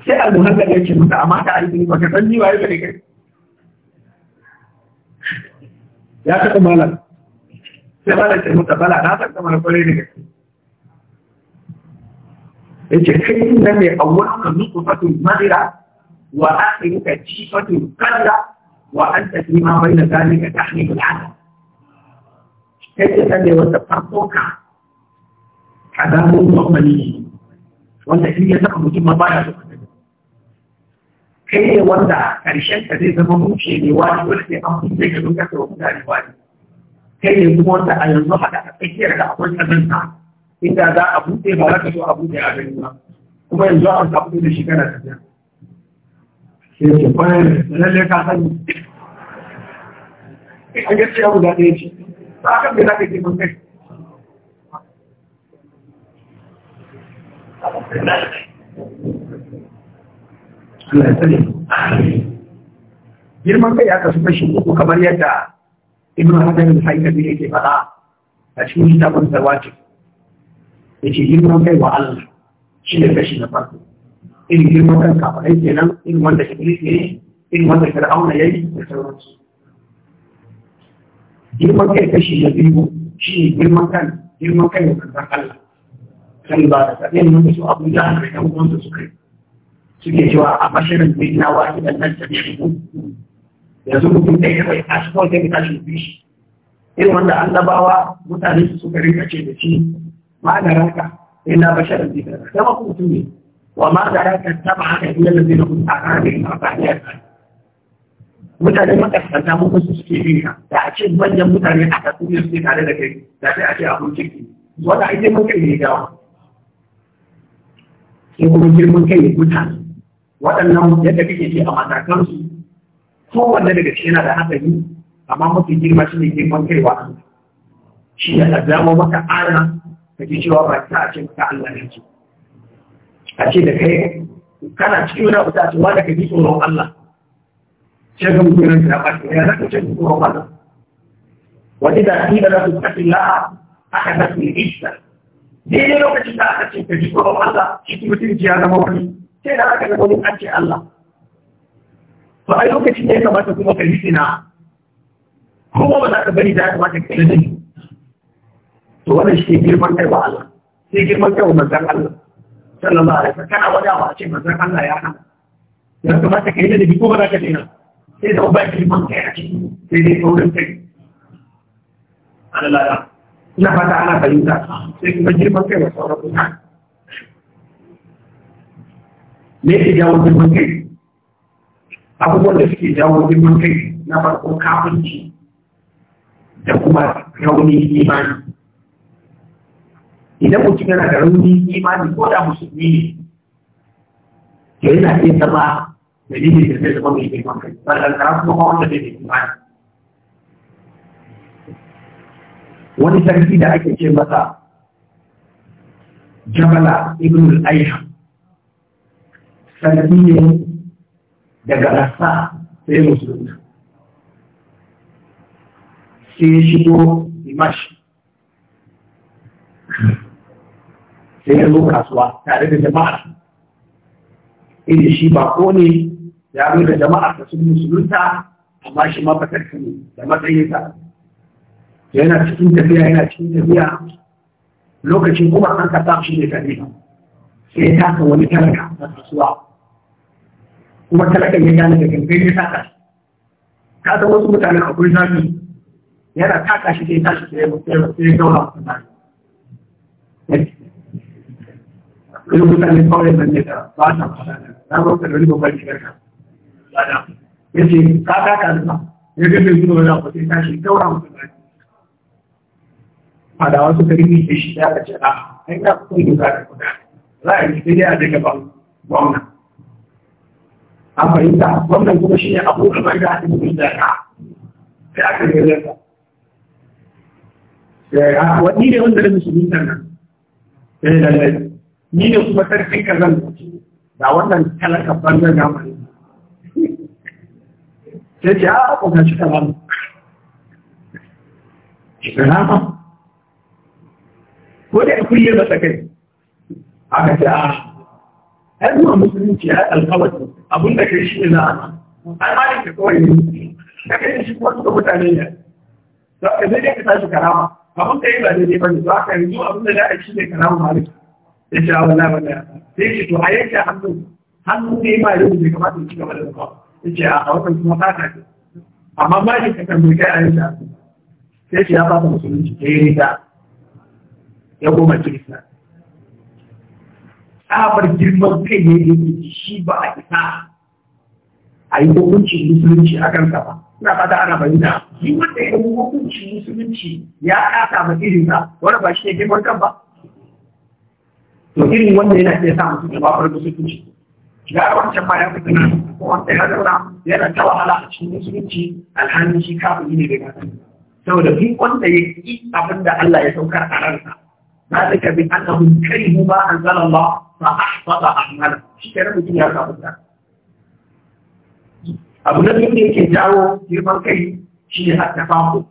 sai al-muhammad ya ce maka amma ka aiki ba ka san ni waye kai ya taɓa malam sai malam ce maka bala na san kamar kwarai ne kai ya ce kai nan ne awwalu ka nuku fatu madira wa akhiru ka ci fatu kadra wa anta fi ma bayna zalika tahmilu al-adam kai ce nan ne wata farko ka azamun mu'mini wanda in ya taɓa mutum ma baya so kai ne wanda ƙarshen ka zai zama muke ne wani wani sai an buɗe ka don kasa wa mutane wani kai ne kuma wanda a yanzu haɗa a tsakiyar da akwai tsananta inda za a buɗe ba za ka so a buɗe a gani ba kuma yanzu an samu da shekara ta biya sai ce bayan lalle ka sani a gaskiya guda ɗaya ce ba a kan bai za ka ke mun kai Allah girman kai aka su fashi uku kamar yadda ibn hajar al-haythami yake faɗa a cikin kitabun zawajib yace girman kai wa Allah shi ne kashi na farko irin girman kan kafarai kenan irin wanda ke ne irin wanda ya yayi da sauransu girman kai kashi na biyu shi ne girman kan girman kai wa kanzan Allah kan ba da kaɗai mun su abu da ɗan uwansa su kai suke cewa a bashirin bin na wasu da nan ta bishi yanzu mutum ɗaya ya bai tashi kawai kai tashi bishi irin wanda an labawa mutane su suka rika ce da shi ma da raka sai na bashirin bin na sai ma mutum ne wa ma da raka ta ba haka yin yadda zai na kuma a kan da yin amfaniyar mutane makasanta mun kusa suke na da a ce manyan mutane a kasuwa suke tare da kai da sai a ce kun ciki wanda ake mun kai ne gawa sai kuma girman kai mutane waɗannan yadda kake ce a matakansu kowanne daga shi yana da hatsari amma mafi girma shi ne girman kaiwa shi ya a maka ana ka ji cewa ba ta ce ta Allah ne ce a ce da kai kana cikin wani abu ta ce wanda ka ji tsoron Allah sai ga mutum ranka ba ka ya zaka ce tsoron Allah wani da ni da na su tafi la'a aka ne isa daidai lokacin da aka ce ka ji tsoron Allah shi mutum ya zama wani sai da aka gani an ce Allah to a lokacin da ya kamata kuma ka yi sina kuma ba za ka bari da ya kamata ka yi to wannan shi girman kai wa Allah sai girman kai wa manzon Allah sallallahu alaihi wasallam kana wada wa ce manzon Allah ya hana ya kamata ka yi da ko ba za ka dena sai da ba girman kai a ciki sai dai saurin kai Allah ina fata ana fahimta sai kuma girman kai wa sauran mutane ne ke jawo girman kai abubuwan da suke jawo girman kai na farko kafinci da kuma rauni imani idan mutum yana da rauni imani ko da musulmi ne to yana iya zama dalilin da zai zama mai girman kai balantara kuma wanda zai da imani wani sarki da ake ce masa Jamala ibn al-ayyam sarki ne daga rasa sai musulunta sai shigo imashi sai ya zo kasuwa tare da jama'a inda shi ko ne ya zo da jama'a ta sun musulunta amma shi ma fatar ne da matsayinsa yana cikin tafiya yana cikin tafiya lokacin kuma an kasa shi ne tare sai ya taka wani talaka na kasuwa kuma talakan ya gane da gangan ya taka shi ka san wasu mutane akwai zafi yana taka shi tashi sai ya sai mutane kawai ban ne da ba ta fara na ba ka da babban shigar ka ya ce ka taka da ba ya ga bai zuwa da sai tashi zauna a kan fadawa suka rinni shi ya ce a ai ka kuɗi da za ka za a yi sai dai a daga ba gwamna an fahimta wannan kuma shi ne abu da bai da hadin da ka sai aka yi rasa eh wani ne wanda da musulmi nan eh lalle ni ne kuma sarkin kazan da wannan talaka banzan da mai sai ce a ko ka ci kaman Ibrahim ko da kullum ba ta kai aka ce a ai kuma musulunci ya alƙawarin abin da kai shi ne na ai malin ka kawai ne ka kai shi kuma suka mutane ne za ka zai ka tashi karama abin da yi ba daidai ba ne za ka yanzu abin da za a shi ne karama malin ya ce awon labar da sai ce to a yanke hannu hannu ne ma yau ne kamata ya ci gaba da zuwa ya ce ah, a watan kuma fata ce amma malin ka tambaye kai a yanke hannu sai ce ya fata musulunci ta yi rita ya goma kirista tsabar girman kai ne da yake shi ba a isa a yi hukuncin musulunci a kansa ba ina fata ana fahimta shi wanda ya yi hukuncin musulunci ya kasa ma irin sa wanda ba shi ne girman kan ba to irin wanda yana iya sa mutum gaba wani musulunci ga wancan ma ya fita nan wanda ya zauna yana ta wahala a cikin musulunci alhali shi kafin ne da gasa saboda duk wanda ya ƙi abin da Allah ya saukar a ransa ذلك بأنهم كرهوا ما أنزل الله فأحبط أعمالهم شو كلام الدنيا أبو أبو نبي يمكن يجعله في مكان شيء حتى فاهمه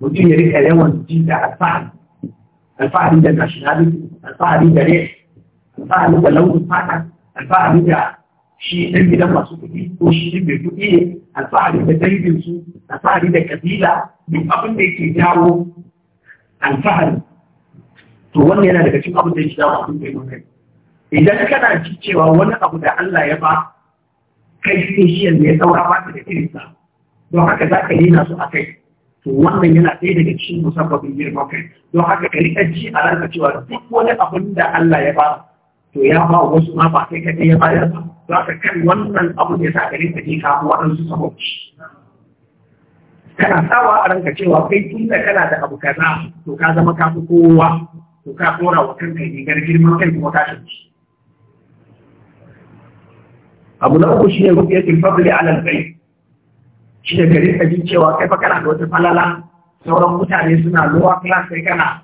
ودين يريد اليوم الدين ده الفعل الفعل ده الناشناليزم الفعل ده ليش الفعل ده لون الفعل الفعل ده شيء تلبي ده مصوبه وشيء تلبي ده إيه الفعل ده تلبي ده الفعل ده كبيرة من قبل ما يجعله الفعل to wannan yana daga cikin abin da ya shiga abin da idan kana ci cewa wani abu da Allah ya ba kai sai shi yanzu ya saura ba da sa don haka za ka yi nasu a kai to wannan yana ɗaya daga cikin musabbabin girma kai don haka ka riƙa ji a ranka cewa duk wani abu da Allah ya ba to ya ba wasu ma ba kai kaɗai ya ya ba za ka kan wannan abu da ya sa ka riƙa ji ka waɗansu sabobi kana sawa a ranka cewa kai tun da kana da abu kaza to ka zama kafi kowa to ka tsora wa kanka rigar girman kai kuma ka shi abu na uku shine rubiyatul fadli ala shi bayt gari ka ji cewa kai fa kana da wata falala sauran mutane suna lowa class kai kana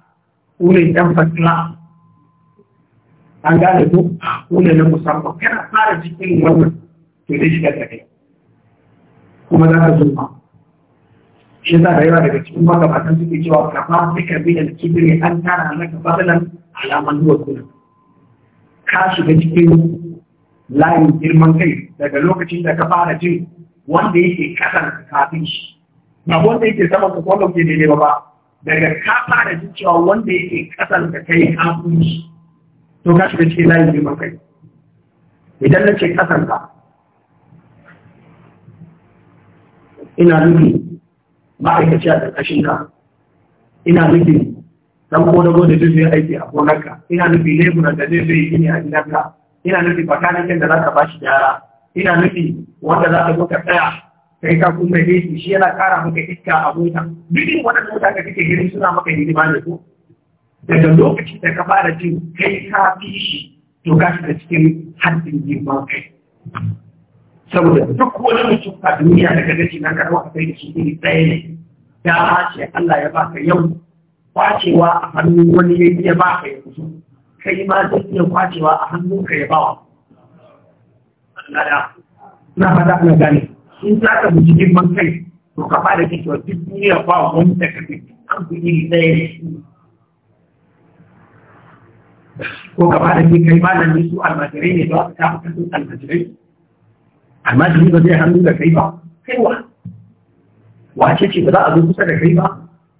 kulin dan first class an gane duk a na musamman kana fara cikin wannan to dai shiga kai kuma za ka zo shi yasa da yawa daga cikin magabatan suke cewa kafa suka bi da kibiri an tara maka fadalan alaman duwa kuna ka shiga cikin layin girman kai daga lokacin da ka fara jin wanda yake kasan kafin shi ba wanda yake sama ka kwallon ke daidai ba daga ka fara jin cewa wanda yake kasan ka kai kafin shi to ka shiga cikin layin girman kai idan na ce kasan ka ina nufi ma'aikaci a ƙarƙashin ka ina nufin dan ko dago da zai aiki a gonarka ina nufi lebura da zai zai gini a gidanka ina nufi bakanikin da za ka shi gyara ina nufi wanda za ka zo ka tsaya kai ka kuma yi shi yana ƙara maka iska a mota duk wannan mota da kake gani suna maka hidima ne ko daga lokacin da ka fara jin kai ka fi shi to ka shiga cikin haddin girman kai saboda duk wani mutum a duniya daga ka gaci na karɓa ka kai da shi iri ɗaya ne dama ce Allah ya baka yau kwacewa a hannun wani ya iya baka yanzu kai ma zai iya kwacewa a hannun ka ya bawa na fata ana gane in za ka guji girman kai to ka fara cewa duk duniya ba wanda ka fi an ku iri ɗaya da shi ko ka fara ce kai malami su almajirai ne da wasu kafin almajirai almajiri ba zai hannu da kai ba kai wa wace ce ba za a zo kusa da kai ba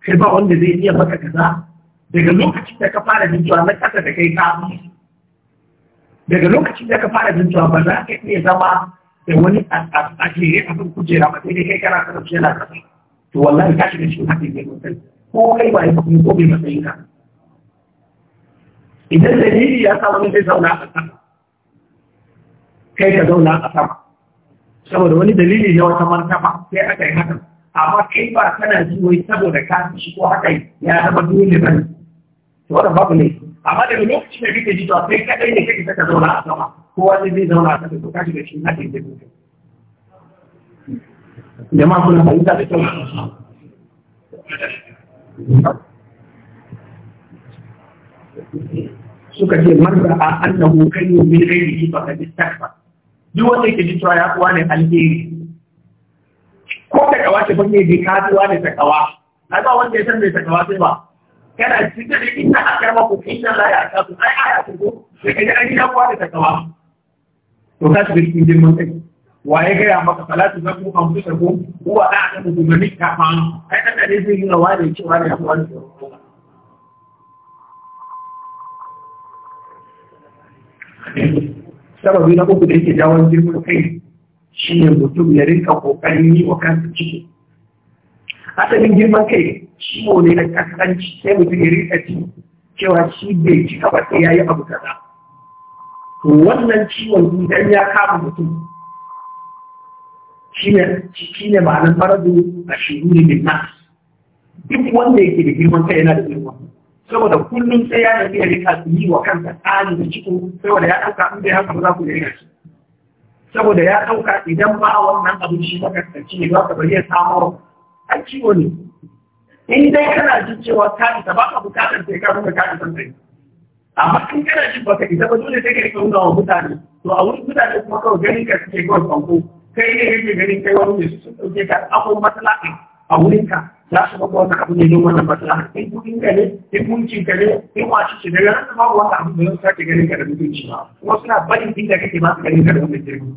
kai ba wanda zai iya maka kaza daga lokacin da ka fara jin cewa na kasa da kai ka daga lokacin da ka fara jin cewa ba za ka iya zama da wani a jere a kan kujera ba sai dai kai kana kasa yana kasa to wallahi ka shiga cikin haɗin mai mutum ko kai ba ya kuma ko bai matsayin ka idan dalili ya sa wani zai zauna a sama kai ka zauna a sama saboda wani dalili ya wata martaba sai aka yi hakan amma kai ba kana ji wai saboda ka shi ko haka ya zama dole ba to wannan babu ne amma daga lokacin da kake ji to kai kadai ne kake saka zauna a sama kowa wani zai zauna a sama to ka shiga cikin hadin da kake jama'a kuna fahimta da kyau suka ce marka a annahu kai min da fa kad istakfa duk wanda yake ji cewa ya kuwa ne alheri ko ta kawa ta bane bai kasuwa da ta kawa ai ba wanda ya san mai ta kawa sai ba kana cikin da inda a karma mako inda la ya ta su ai aya ku ko sai kaje an yi kawa da ta kawa to ka shi birkin girman kai waye gaya maka salatu za ku an fusa ko uwa da aka ku gani ka fa ai dan da zai yi rawa da cewa da ku wani sababi na uku da yake jawon girman kai shi ne mutum ya rinka kokarin yi wa kansa ciki asalin girman kai ciwo ne na kaskanci sai mutum ya rinka ci cewa shi bai ci ba sai ya yi abu kaza to wannan ciwon idan ya kama mutum shi ne ma'anar faradu a ne mai nas duk wanda yake da girman kai yana da girman saboda kullum sai ya nemi ya rika yi wa kansa tsari da cikin saboda ya ɗauka in bai haka ba za ku yi shi saboda ya ɗauka idan ba wannan abin shi makarkaci ne ba ka bari ya samu a ciwo ne in dai kana jin cewa ka isa ba ka bukatar sai ka nuna ka isa sai amma in kana jin ba ka isa ba dole sai ka rika nuna wa mutane to a wurin mutane kuma kawai ganin ka suke kawai banko, kai ne yake ganin kai wani mai sun ɗauke ka akwai matsala a wurinka za su ga wata abu ne don wannan matsala in kudin ka ne in muncin ka ne in wace ce daga nan ba wata abu da zan sake ganin ka da mutunci ba kuma suna barin inda kake ba su ganin ka da wannan jirgi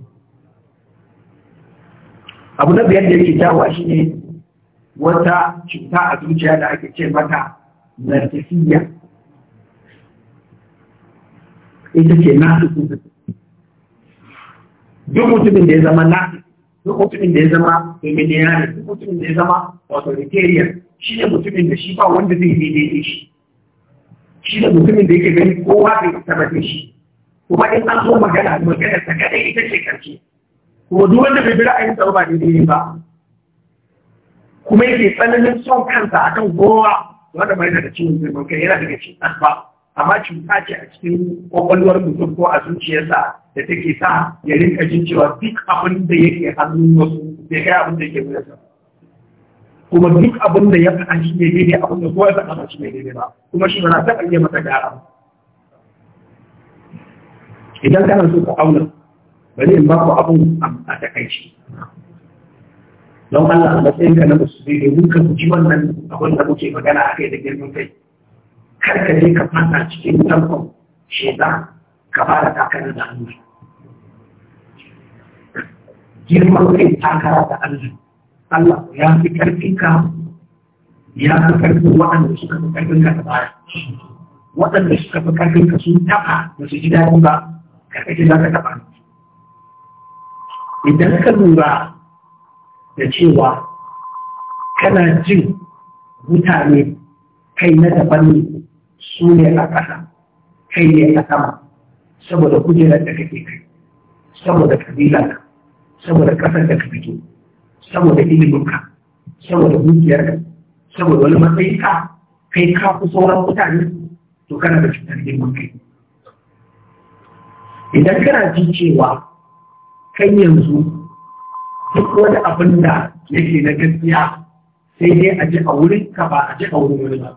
abu na biyar da yake jawowa shi ne wata cuta a zuciya da ake ce mata narcisiyya ita ce nasu duk mutumin da ya zama na duk mutumin da ya zama miliyari duk mutumin da ya zama authoritarian shi ne mutumin da shi ba wanda zai daidai shi shi ne mutumin da yake gani kowa bai da shi kuma in an zo magana magana ta kaɗai ita ce karshe kuma duk wanda bai bi ra'ayin sa ba daidai ba kuma yake tsananin son kansa akan kowa wanda bai da cikin zirgin kai yana daga cikin asba amma cuta ce a cikin kwakwalwar mutum ko a zuciyarsa da take sa ya rinka jin cewa duk abin da yake hannun wasu bai kai abin da yake wuyarsa kuma duk abin da ya an shi ne daidai abin da kowa ya faɗa shi ne daidai ba kuma shi bana na taɓa iya masa gyara idan kana so ka auna bari in ba ku abin a takaici don Allah a matsayinka na musulmi mun ka guji wannan abin da muke magana a kai da girman kai karka je ka fasa cikin shi shaitan ka fara takarar da hannu girman kai takara da Allah Allah ya fi karfin ka ya fi karfin waɗanda suka fi karfin ka ta baya waɗanda suka fi karfin ka sun taɓa da su ji daɗi ba ji za ka taɓa idan ka lura da cewa kana jin mutane kai na daban ne su ne a ƙasa kai ne a sama saboda kujerar da kake kai saboda kabilarka saboda ƙasar da ka fito saboda iliminka saboda dukiyarka saboda wani matsayi ka kai ka fi sauran mutane to kana da cutar girman kai idan kana ji cewa kan yanzu duk wani abin da yake na gaskiya sai dai a ji a wurin ka ba a ji a wurin wani ba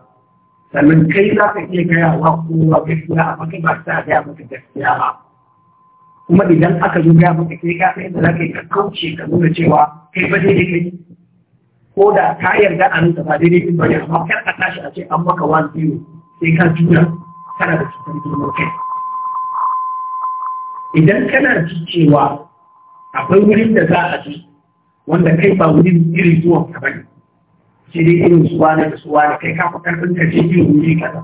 sannan kai za ka iya gaya wa kowa gaskiya a maka ba sa gaya maka gaskiya ba kuma idan aka zo gaya maka sai ka sai da za ka yi ka kauce ka nuna cewa kai ba daidai kai ko da ka yarda a nuna ba daidai kai ne amma kar a tashi a ce an maka wani biyu sai ka juya kana da cutar girma kai idan kana ji cewa akwai wurin da za a ji wanda kai ba wurin irin zuwan ka bane sai dai irin suwa na suwa da kai kafa karfin ka je jin wuri kaza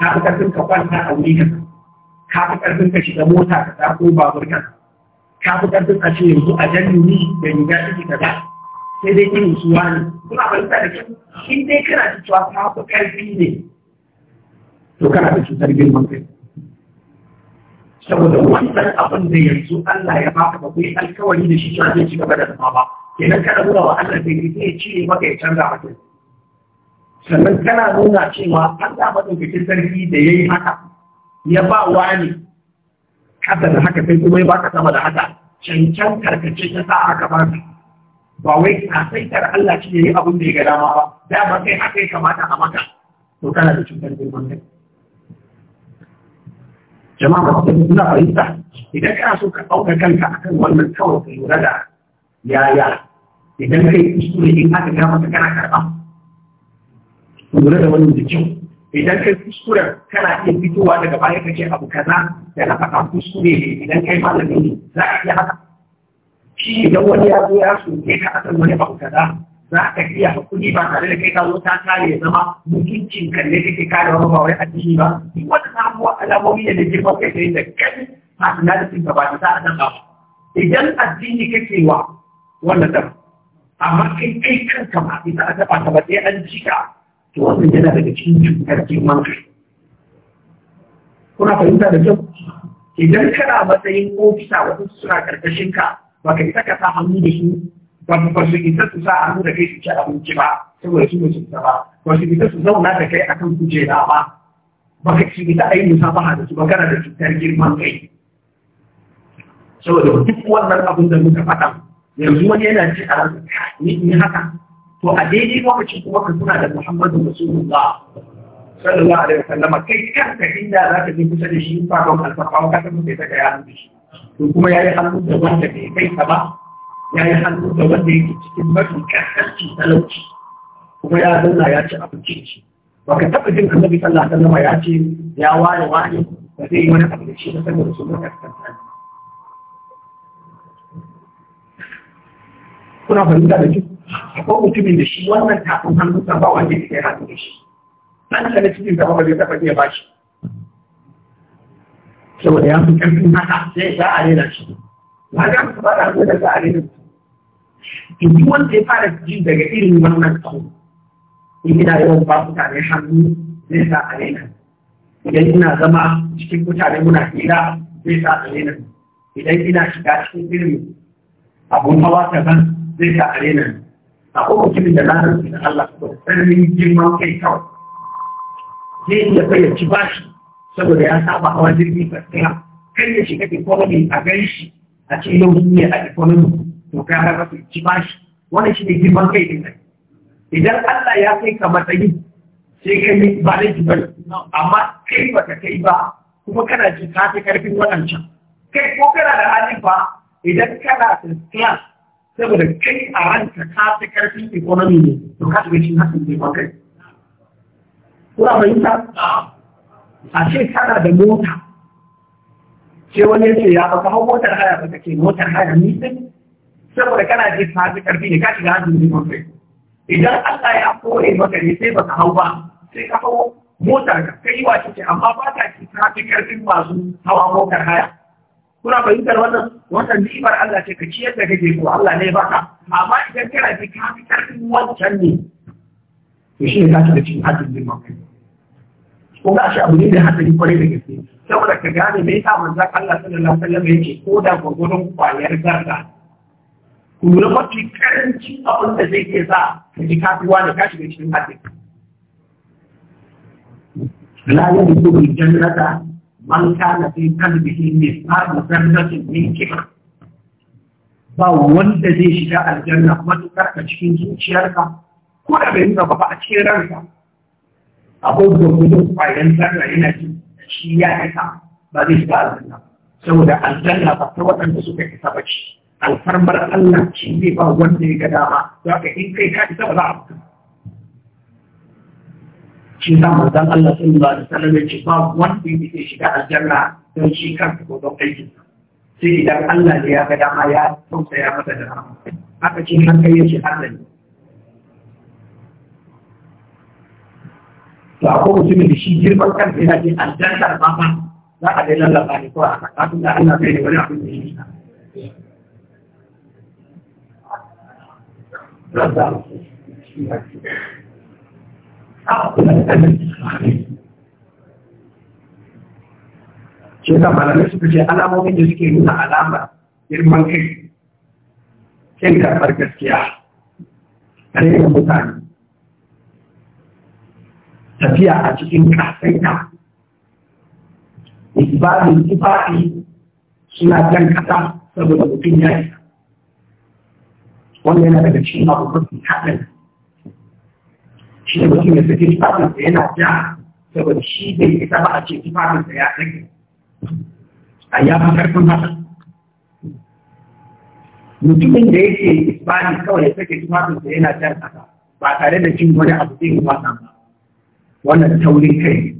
kafa karfin ka kwanta a wuri kaza kafa karfin ka shiga mota ka ta ko babur kaza kafa karfin a ce yanzu a jan ni da riga take kaza sai dai irin suwa ne kuna fahimta da kyau in dai kana da cewa kafa karfi ne to kana da cutar girman kai saboda wannan abin da yanzu Allah ya baka ba kai alkawari da shi cewa zai ci gaba da zama ba idan ka zuwa wa Allah bai zai cire maka ya canza haka. sannan kana nuna cewa Allah cikin sarki da yayi haka ya ba wani Kada da haka sai kuma ya baka sama da haka cancan karkace ta sa aka ba ka ba wai ka kasaitar Allah shi yi abin da ya ga dama ba dama kai haka ya kamata a maka to kana da cutar girman kai jama'a ba ina fahimta idan kana so ka ɗauka kanka akan wannan kawai ka lura da yaya idan kai kuskure in aka ga maka kana karba. lura da wani jikin idan kai kuskure kana iya fitowa daga baya kace abu kaza da na faɗa kuskure ne idan kai malami ne za ka iya haka shi idan wani ya zo ya ke ka asar wani abu kaza za ka iya hakuri ba tare da kai ka zo ta kare zama mutuncin kan ne kake kare wani ba wai addini ba duk wata sabuwa alamomi ne da girman kai da kai ba na da cin gaba da za a nan ba idan addini kake wa wannan ɗan amma kai kai kanka ma ita a taɓa ta ba sai an jika to wannan yana daga cikin cutar girman kai kuna fahimta da kyau idan kana matsayin ofisa wasu suna karkashin ka ba kai isa sa hannu da su ba ba su isa su sa hannu da kai su ci abinci ba saboda su musu ba ba su isa su zauna da kai akan kujera ba ba ka ci ita ayi musafaha da su ba kana da cutar girman kai saboda duk wannan abin da muka faɗa yanzu wani yana ji a ni ni haka to a daidai lokacin kuma ka kuna da Muhammadu Rasulullah sallallahu alaihi wasallam kai kanka inda za ka je kusa da shi ba don alfafa ka san sai daga ya hannu shi to kuma yayi hannu da wanda bai kai ka ba yayi hannu da wanda yake cikin mafi kasance talauci kuma ya zauna ya ci abincin shi ba ka taɓa jin annabi sallallahu alaihi wasallam ya ce ya ware wani ba zai yi wani abu da shi ba saboda su mutar kasance kuna fahimta da kyau akwai mutumin da shi wannan tafin hannun sa ba wanda ya hannu da shi nan ka na cikin zama ba zai taɓa iya bashi saboda ya fi ƙarfin haka sai za a rena shi ba za su fara hannu da za a rena to duk wanda ya fara ji daga irin wannan tsawo in ina yawan ba mutane hannu zai sa a rena idan ina zama cikin mutane muna hira zai sa a rena idan ina shiga cikin irin abun hawa ta ban zai ka a rena a ko mutumin da su na Allah ko tsananin girman kai kawai zai iya ya ci bashi saboda ya saba hawa jirgin gaskiya kan ya shiga economy a gan shi a ce yau sun yi a economy to ka raba su ci bashi Wani shi ne girman kai din nan idan Allah ya kai ka matsayi sai kai ne ba da ba amma kai ba ka kai ba kuma kana jin ka karfin waɗancan kai ko kana da halin ba idan kana da class saboda kai a ranta ta fi karfin economy ne to ka shiga cikin hakan ne ba kai kuna fahimta a ce kana da mota ce wani ce ya baka hau motar haya ba ke motar haya nisan, saboda kana je ta fi karfi ne ka shiga hakan ne ba kai idan Allah ya kore maka ne sai baka hau ba sai ka hau motar ka kai wa ce amma ba ta ke ta fi karfin masu hawa motar haya kuna fahimtar wannan wannan ni'imar Allah ce ka ciyar da kake so Allah ne baka amma idan kana ji ka fi karfin wancan ne to shi ne zaka da cikin hadin bin mafi ko ga shi abu ne da hadari kwarai da gaske saboda ka gane me yasa manzo Allah sallallahu alaihi wasallam yake ko da gwagwaron kwayar garga? ku lura mafi karanci abin da zai ke sa ka ji kafiwa da ka shiga cikin hadin la yadda ko bi jannata man kana fi qalbihi mithqalu dharratin min kibr ba wanda zai shiga aljanna matukar a cikin zuciyarka ko da bai nuna ba a cikin ranka akwai gwamnatin kwayan zarra yana ji shi ya aika ba zai shiga aljanna saboda aljanna ba ta waɗanda suka isa ba ce alfarmar Allah shi ne ba wanda ya ga dama za ka in kai ka isa ba za a fita shi sa manzon Allah sallallahu alaihi wasallam ya ce ba wanda yake shiga aljanna don shi kan ko don aikin sai idan Allah ne ya ga dama ya ya masa da rahama haka ce har kai ce Allah ne to akwai mutumin da shi girman kansa yana jin aljanna ba ba za a dai lallaba ne ko a kafin da Allah kai ne wani abin da yi Thank you. shi yasa malamai suka ce alamomin da suke nuna alama girman kai kin karɓar gaskiya raina mutane tafiya a cikin kasaita isbalin ifaɗi suna jan kasa saboda mutum ya isa wanda yana daga cikin abubuwan haɗari shi ne mutum ya sake sa yana ja saboda shi bai isa ba a ce sa ya rage a ya fi karfin haka mutumin da yake isbani kawai ya sake sa yana jan haka ba tare da cin wani abu zai wasa ba wannan taurin kai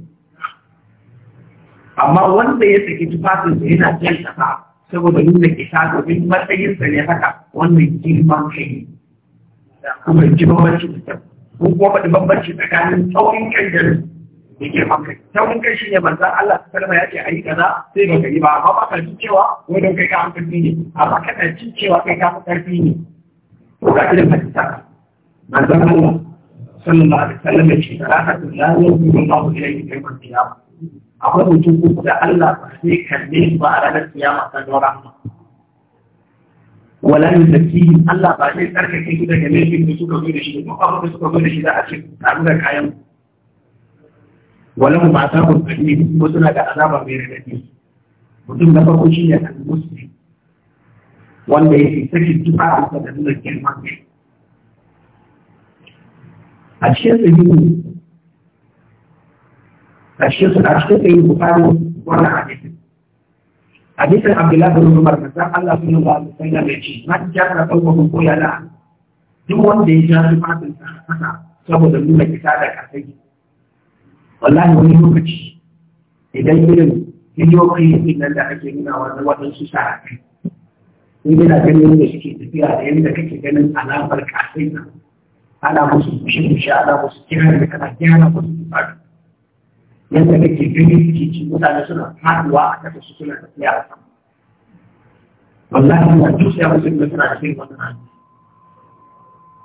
amma wanda ya saki sa yana jan haka saboda nuna isa domin matsayinsa ne haka wannan girman kai kuma girman cutar ko kuma da bambanci tsakanin tsawon kai da da girman kai tsawon kai shine manzan Allah Ta sallama ya ce a yi kaza sai ba kai ba amma ba ka ji cewa wai don kai ka fi karfi ne amma kana ji cewa kai ka fi karfi ne ko ka irin hadisa manzan Allah sallallahu alaihi wasallam ya ce salatu la yuzu Allahu ilayhi yawm al-qiyamah akwai mutum uku da Allah ba sai kalle ba a ranar kiyama ta dora wala min zakihim Allah ba zai tsarkake su daga laifin da suka zo da shi ko abin da suka zo da shi za a ce tabu da kayan wala mu ba ta ku kadi ko suna da azaba mai radadi mutum na farko shi ne al-muslim wanda ya yake saki tufa da nuna girma a cikin sahihu a cikin sahihu Bukhari wannan hadisi hadisin abdullahi bin umar da san Allah sun yi wa sai da ce na ji ka dauko ko duk wanda ya ja fatin sa haka saboda nuna kisa da kasai wallahi wani lokaci idan irin bidiyoyi nan da ake nuna wa waɗansu sa'afi in yana ganin da suke tafiya da yadda kake ganin alamar kasai na ana musu bushe-bushe ana musu kiran da kana kira musu ba yadda kake gani kici mutane suna faduwa a kasa su suna tafiya a sama wallahi ina josiya wasu inda suna cikin wannan hali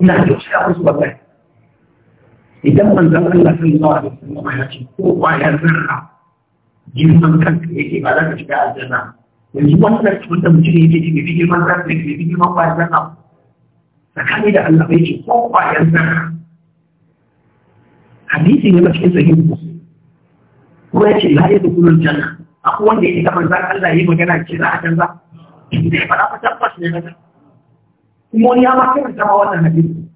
ina josiya wasu wallahi idan man zan Allah sallallahu alaihi wasallam ya ce ko kwayar zarra girman kanka yake ba za ka shiga aljanna yanzu wannan cikin da mutum yake ji bai girman kanka ne bai girman kwayar zarra tsakani da Allah bai ce ko kwayar zarra hadisi ne cikin sahihu ko ya ce la ya dukulun janna akwai wanda ya taɓa zan Allah yi magana ce za a canza inda ya faɗa tabbas ne na kuma wani ya ma karanta ma wannan hadisi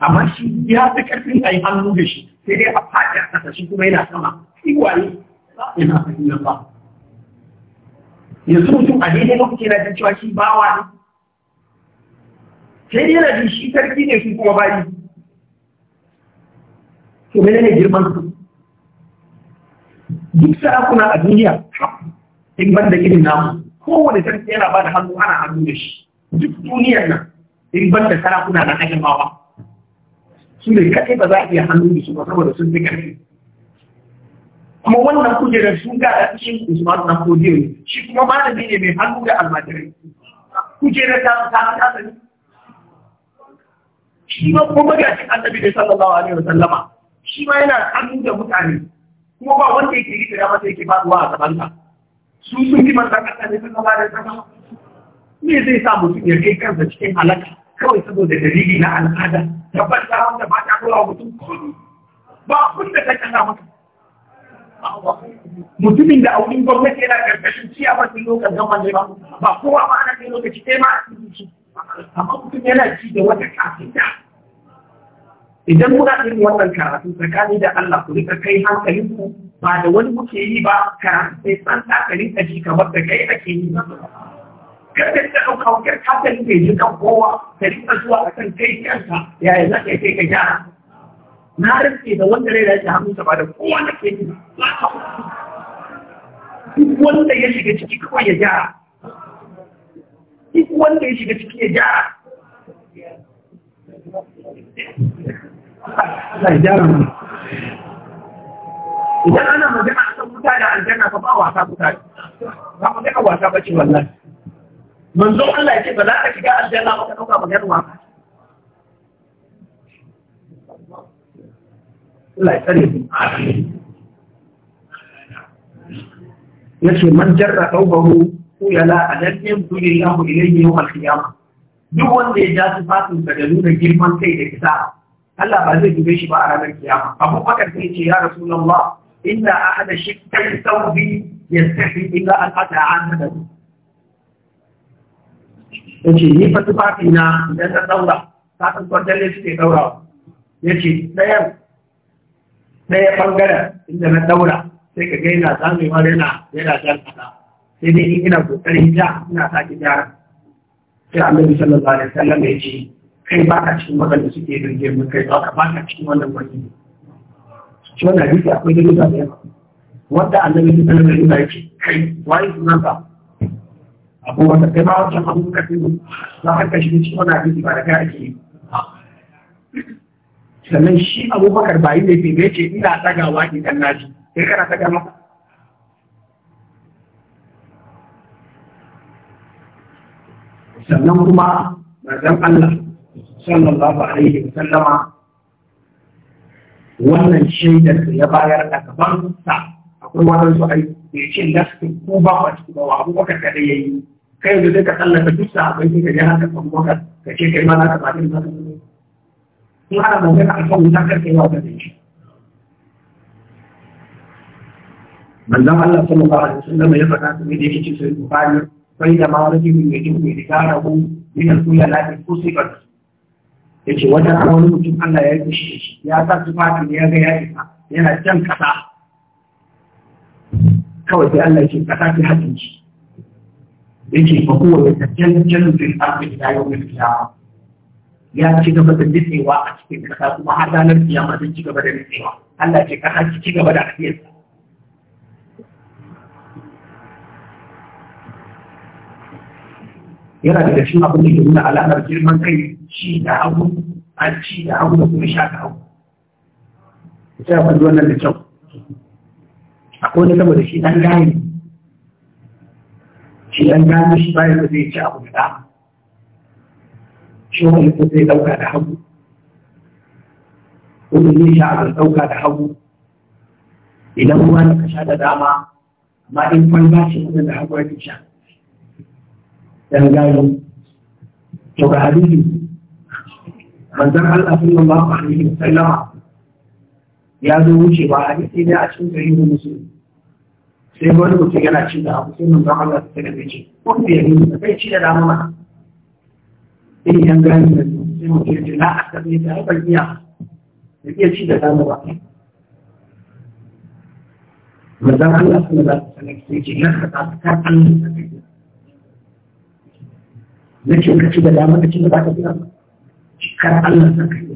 amma shi ya fi karfin a yi hannu da shi sai dai a fata a ƙasa shi kuma yana sama shi waye yana fahimta ba yanzu mutum a daidai lokaci na jin cewa shi bawa ne sai dai yana jin shi sarki ne shi kuma bayi to mene ne girman su duk sarakuna a duniya in ban da irin namu kowane sarki yana ba da hannu ana hannu da shi duk duniyar nan in ban da sarakuna na mawa su ne kaɗai ba za a iya hannu da su ba saboda sun fi ƙarfi kuma wannan kujerar sun ga a cikin usman na kodiyar shi kuma malami ne mai hannu da almajirai kujerar ta ta ta ta shi ma kuma cikin annabi da sallallahu alaihi wa sallama shi ma yana hannu da mutane kuma ba wanda yake yi da mata yake ba ruwa a sabanta su sun fi manzan kasa ne sun zai sa mutum ya kai kansa cikin halaka kawai saboda dalili na al'ada tabbar da wanda ba kula mutum ba da maka mutumin da aurin gwamnati yana karkashin ciya ba su lokacin zaman ne ba ba kowa ba ana kai lokaci ɗaya ma a cikin amma mutum yana ci da wata kafin da idan muna irin wannan karatu tsakani da Allah ku rika kai hankalinku ba da wani muke yi ba karatu sai san takalin ka ji kamar da kai ake yi ba. kada ta ɗauka wakar takalin bai ji kan kowa ka rika zuwa a kan kai kanka yaya za ka kai ka gyara na rike da wanda rai da hannunsa ba da kowa na ke yi duk wanda ya shiga ciki kawai ya gyara duk wanda ya shiga ciki ya gyara Allah idan ana magana a san wuta da aljanna ka ba wasa wuta ba magana wasa ba ce wallahi manzo Allah ya ba za ka shiga aljanna ba ka dauka magana wasa Allah ya tsare mu yace man jarra qawbahu kuyala adadin duniyahu ilayhi yawm al-qiyamah duk wanda ya ja su fatin da nuna girman kai da kisa هلا بعدين تبيش ما أنا من كيامة أبو بكر تيجي يا رسول الله إن أحد شكت الثوب يستحي إلا أن أتى عن هذا يجي نيفا تباكينا لأن الدولة تاتن تجلس في دورة يجي سيب سيب فنقر إن الدولة سيك جينا سامي ورنا جينا جلسة سيدي إنا بكر هجا إنا ساكي جارة في النبي صلى الله عليه وسلم يجي kai ba a cikin waɗanda suke rage mun kai ba ba a cikin wannan wani shi wanda duka akwai da duka da yawa wanda annabi ya sanar da ya yake kai wani sunan ba abu wata kai ba wancan abu ka fi na haka shi cikin wannan ba da kai ake yi sannan shi abubakar ba yi ne fi bai ce ina tagawa idan na naji sai kana ɗaga maka sannan kuma manzon Allah sallallahu alaihi wasallama wannan shaidar da ya bayar a gaban sa akwai wadansu ai da ya ce da su ko ba ba su ba abu baka kada yayi kai yanzu sai ka tsallaka duk sa akwai sai ka je haka kan baka ka ce kai ma na ka bani ba in ana magana a kan wuta kar kai wa ka dace manzon Allah sallallahu alaihi wasallam ya faɗa kuma da yake cikin Bukhari sai da ma wani mutum ya dinga da garabu min al-kuyala bi kusibat yake wata wani mutum Allah ya yi shi ya sa fata ne ya ga ya isa yana jan kasa kawai sai Allah ya ce kasa ta haɗin shi ya ce ba kowa ya jan jan zai tafi da yau mai kiyama ya ci gaba da nitsewa a cikin kasa kuma har ranar kiyama zai ci gaba da nitsewa Allah ya ce kasa ci gaba da afiyarsa yana daga cikin abin da ke nuna alamar girman kai ci da abu, an ci da abu da kuma sha da abu. ita ya kwanci wannan da kyau akwai wani saboda shi dan gane shi dan gane shi bayan da zai ci abu da dama shi wani ko zai dauka da hagu wani zai sha abu dauka da hagu idan ruwa da ka sha da dama amma in kwan kwalba ce wani da hagu ya sha Yan gano to ga hadisi manzon Allah sallallahu alaihi Sallama. ya zo wuce ba hadisi ne a cikin sahihu muslim sai wani mutum yana ci da abu sai manzon Allah ta ga ce ko da yayi sai ci da dama mana sai yan gani da sai mutum ya ce na aka ne ta haifar iya iya ci da dama ba manzon Allah sallallahu alaihi wasallam sai ce ya ka ta ta Allah na ce ka ci da damar da ci da baka tsira cikar Allah na kai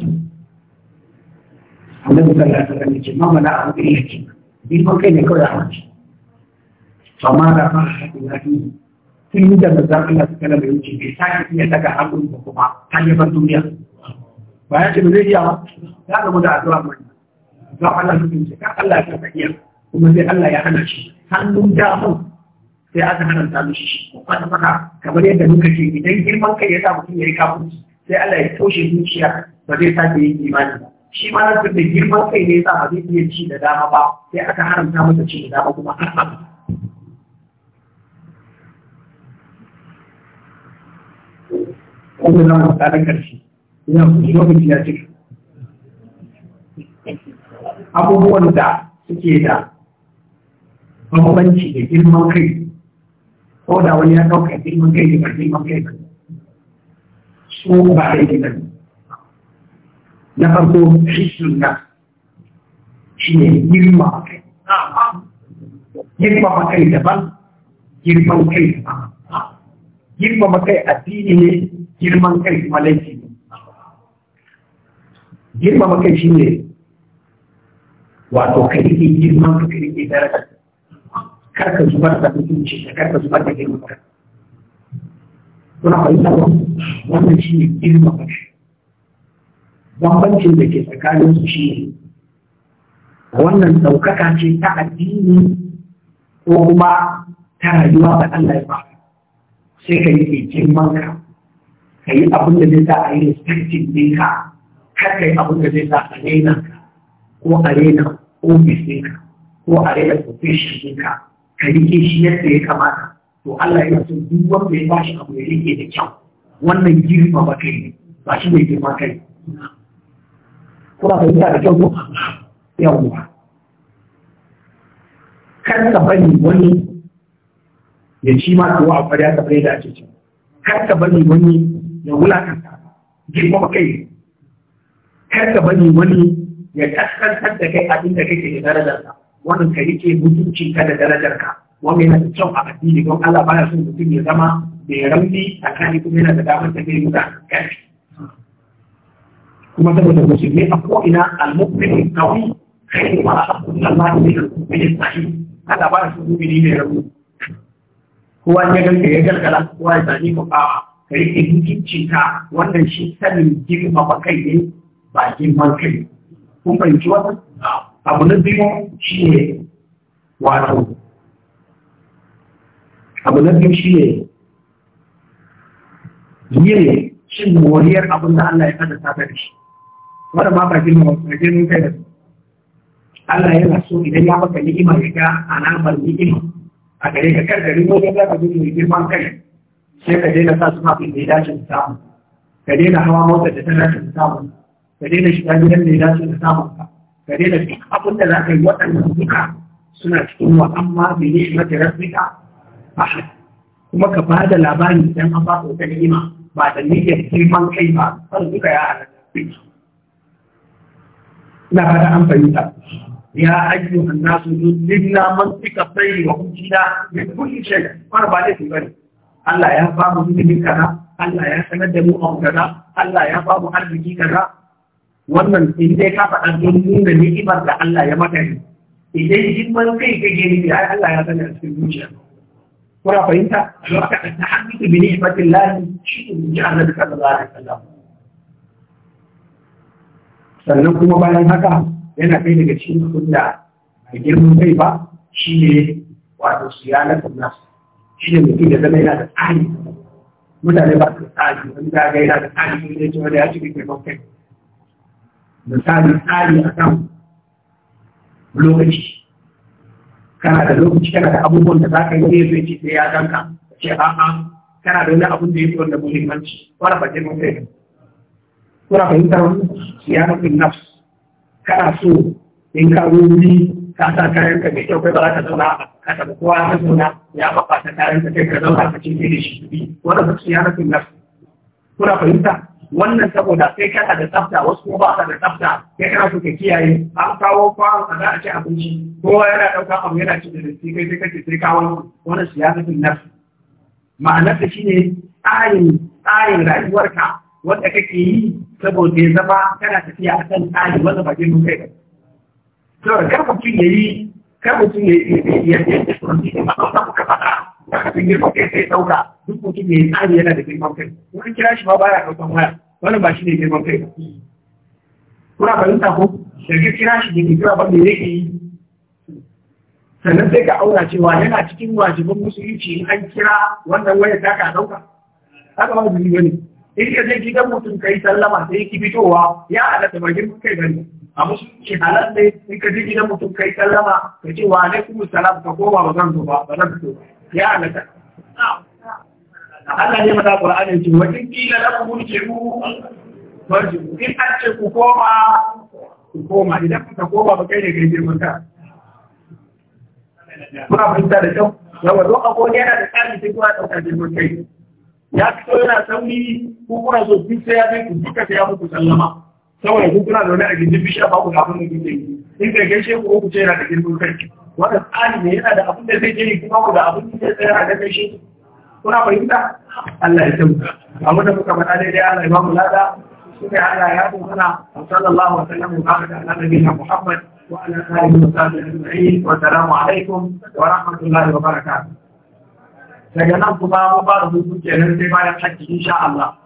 Allah da Allah ta kai ce mama na abu ya ce bi ko kai ne kawai a wace amma da fa ilahi tun da da zan Allah ta kana bai wuce bai sake iya daga hannun ba kuma hanyar duniya ba ya ce ba zai iya ba ya gamu da addu'a mai ga Allah ta kai ka Allah ta kai kuma sai Allah ya hana shi hannun damar sai aka haranta mishi shi kwata kwata kamar yadda muka ce idan girman kai ya sa mutum ya yi kafin sai Allah ya toshe zuciya ba zai sake yin imani ba shi ma na da girman kai ne ya sa ba zai iya ci da dama ba sai aka haramta masa ci da dama kuma har abu kuma zan wata da karshe ina wani ya cika abubuwan da suke da bambanci da girman kai ko da wani ya ɗauka girman kai da girman kai ba su ba da gina na farko hisun na shi ne girma kai girma kai daban girman kai daban girma kai addini ne girman kai kuma laifi ne girma kai shi ne wato kai ne girman kai ne daraja karka zubar da mutunci da karka zubar da girma kuna fahimta ba wannan shi ne girma ba shi bambancin da ke tsakanin su shi wannan ɗaukaka ce ta addini ko kuma ta rayuwa da Allah ya ba sai ka yi girman ka ka yi abin da zai sa a yi respecting ɗinka kar ka yi abin da zai sa a rena ko a rena ofis ɗinka ko a rena profession ɗinka ka rike shi yadda ya kamata to Allah ya so duk wanda ya bashi abu ya rike da kyau wannan girma ba kai ba shi ne girma kai Kuma yi ta da kyau ko yawwa kan ka bari wani ya ci ma ko a fara ka bai da ake ci kan ka bari wani ya wulakanta girma kai kan ka bari wani ya kaskantar da kai abin da kake da darajarsa wannan ka rike mutunci ka da darajar ka wannan yana da kyau a addini don Allah baya son mutum ya zama mai rauni a kani kuma yana da damar da zai mutu kuma saboda musulmi a ko'ina al-mu'min kawai kai ma a Allah ne da mu'min sahi Allah baya son mutum mai rauni kowa ya ganka ya gargara kowa ya sani ka ba ka rike mutunci ka wannan shi sanin girma ba kai ne ba girman kai kun fahimci wannan abu na biyu shi ne wato abu na biyu shi ne yin cin moriyar abin da Allah ya kada ta da shi wanda ma ba girma ba girman kai da Allah yana so idan ya maka ni'ima ya ga alamar ni'ima a gare ka kar gari ne za ka zo mai girman kai sai ka daina sa su mafi mai ya dace da samu ka daina hawa motar da ta dace da samu ka daina shiga gidan mai ya dace da samu gare da duk abin da za ka yi waɗannan duka suna cikin wa amma bai ne shi kuma ka ba da labari idan an ba ko kan ima ba da niyyar girman kai ba kan duka ya halatta na ba da an fahimta ya ajiye hannu su zo lilla man suka bayi wa kujina da kuli shan kwana ba da su bane Allah ya ba mu ilimin kaza Allah ya sanar da mu a kaza Allah ya ba mu arziki kaza wannan in dai ka faɗa don nuna ni'imar da Allah ya maka ne idan himman kai ka gani ne ai Allah ya sani a cikin zuciya kuna fahimta a lokacin da hadisi bi ni'matin lahi shi ne ji annabi sallallahu alaihi wasallam sannan kuma bayan haka yana kai daga cikin abin da a girman kai ba shi ne wato siyanar nas shi ne mutum da zama yana da tsari mutane ba su tsari wani ta ga yana da tsari ne ce wanda ya ci girman kai misali tsari a kan lokaci kana da lokaci kana da abubuwan da za ka yi zai zai ce sai ya ganka ce a'a kana da wani abun da ya fi wanda muhimmanci wani ba jirgin kai kuna fahimtar siyanafin nafs kana so in ka wuri ka sa kayan ka mai kyau kai ba za ka zauna ka tabi kowa ya zauna ya fafa kayan ka kai ka zauna ka ce da shi wani ba siyanafin nafs kuna fahimta wannan saboda sai kana da tsafta wasu kuma ba ka da tsafta ya kana so ka kiyaye an kawo kwan a za a ci abinci kowa yana ɗauka abu yana ci da rufi kai sai kake sai kawo wani siyasatin nasu. ma'anar da shine tsarin tsarin rayuwarka wanda kake yi saboda ya zama kana tafiya a kan tsari wanda ba girman kai ba. Saboda kar mutum ya yi kar mutum ya yi ya yi ya yi ya yi ya yi ya yi ya yi ya yi haka sun girma kai sai ɗauka duk mutum mai tsari yana da girman kai in an kira shi ma baya ɗaukan waya wannan ba shi ne girman kai kuna fahimta ko da ka kira shi da kira ba me yake yi sannan sai ka aura cewa yana cikin wajiban musulunci in an kira wannan wayar da ka ɗauka haka ba wajibi wani. in ka je gidan mutum kai sallama sai ki fitowa ya halatta ba girman kai bane a musulunci halal ne in ka je gidan mutum kai sallama ka ce wa alaikum salam ka koma ba zan zo ba ba zan fito ba ya halatta Allah ne mata Qur'anin ci wajen kila la ku burke mu barji in an ce ku koma ku koma idan kuka koma ba kai ne kai girman ka kuna fahimta da kyau yawa don ako yana da tsari sai kuna ɗauka girman kai ya fito yana sauri ko kuna so duk sai ya kai ku duka sai ya muku sallama saboda ku kuna zaune a gindin bishiya ba ku kafin mu kuke yi in kai gaishe ku ku ce yana da girman kai wannan tsari ne yana da abin da zai je kuma ku da abin da zai tsaya a kai shi kuna fahimta Allah ya tauka amma da muka faɗa daidai Allah ya ba mu lada sai Allah ya bu mana sallallahu alaihi wa sallam wa baraka ala nabiyina Muhammad wa ala alihi wa sahbihi ajma'in wa salamu alaikum wa rahmatullahi wa barakatuh daga nan kuma mu ba da hutu kenan sai bayan hajji insha Allah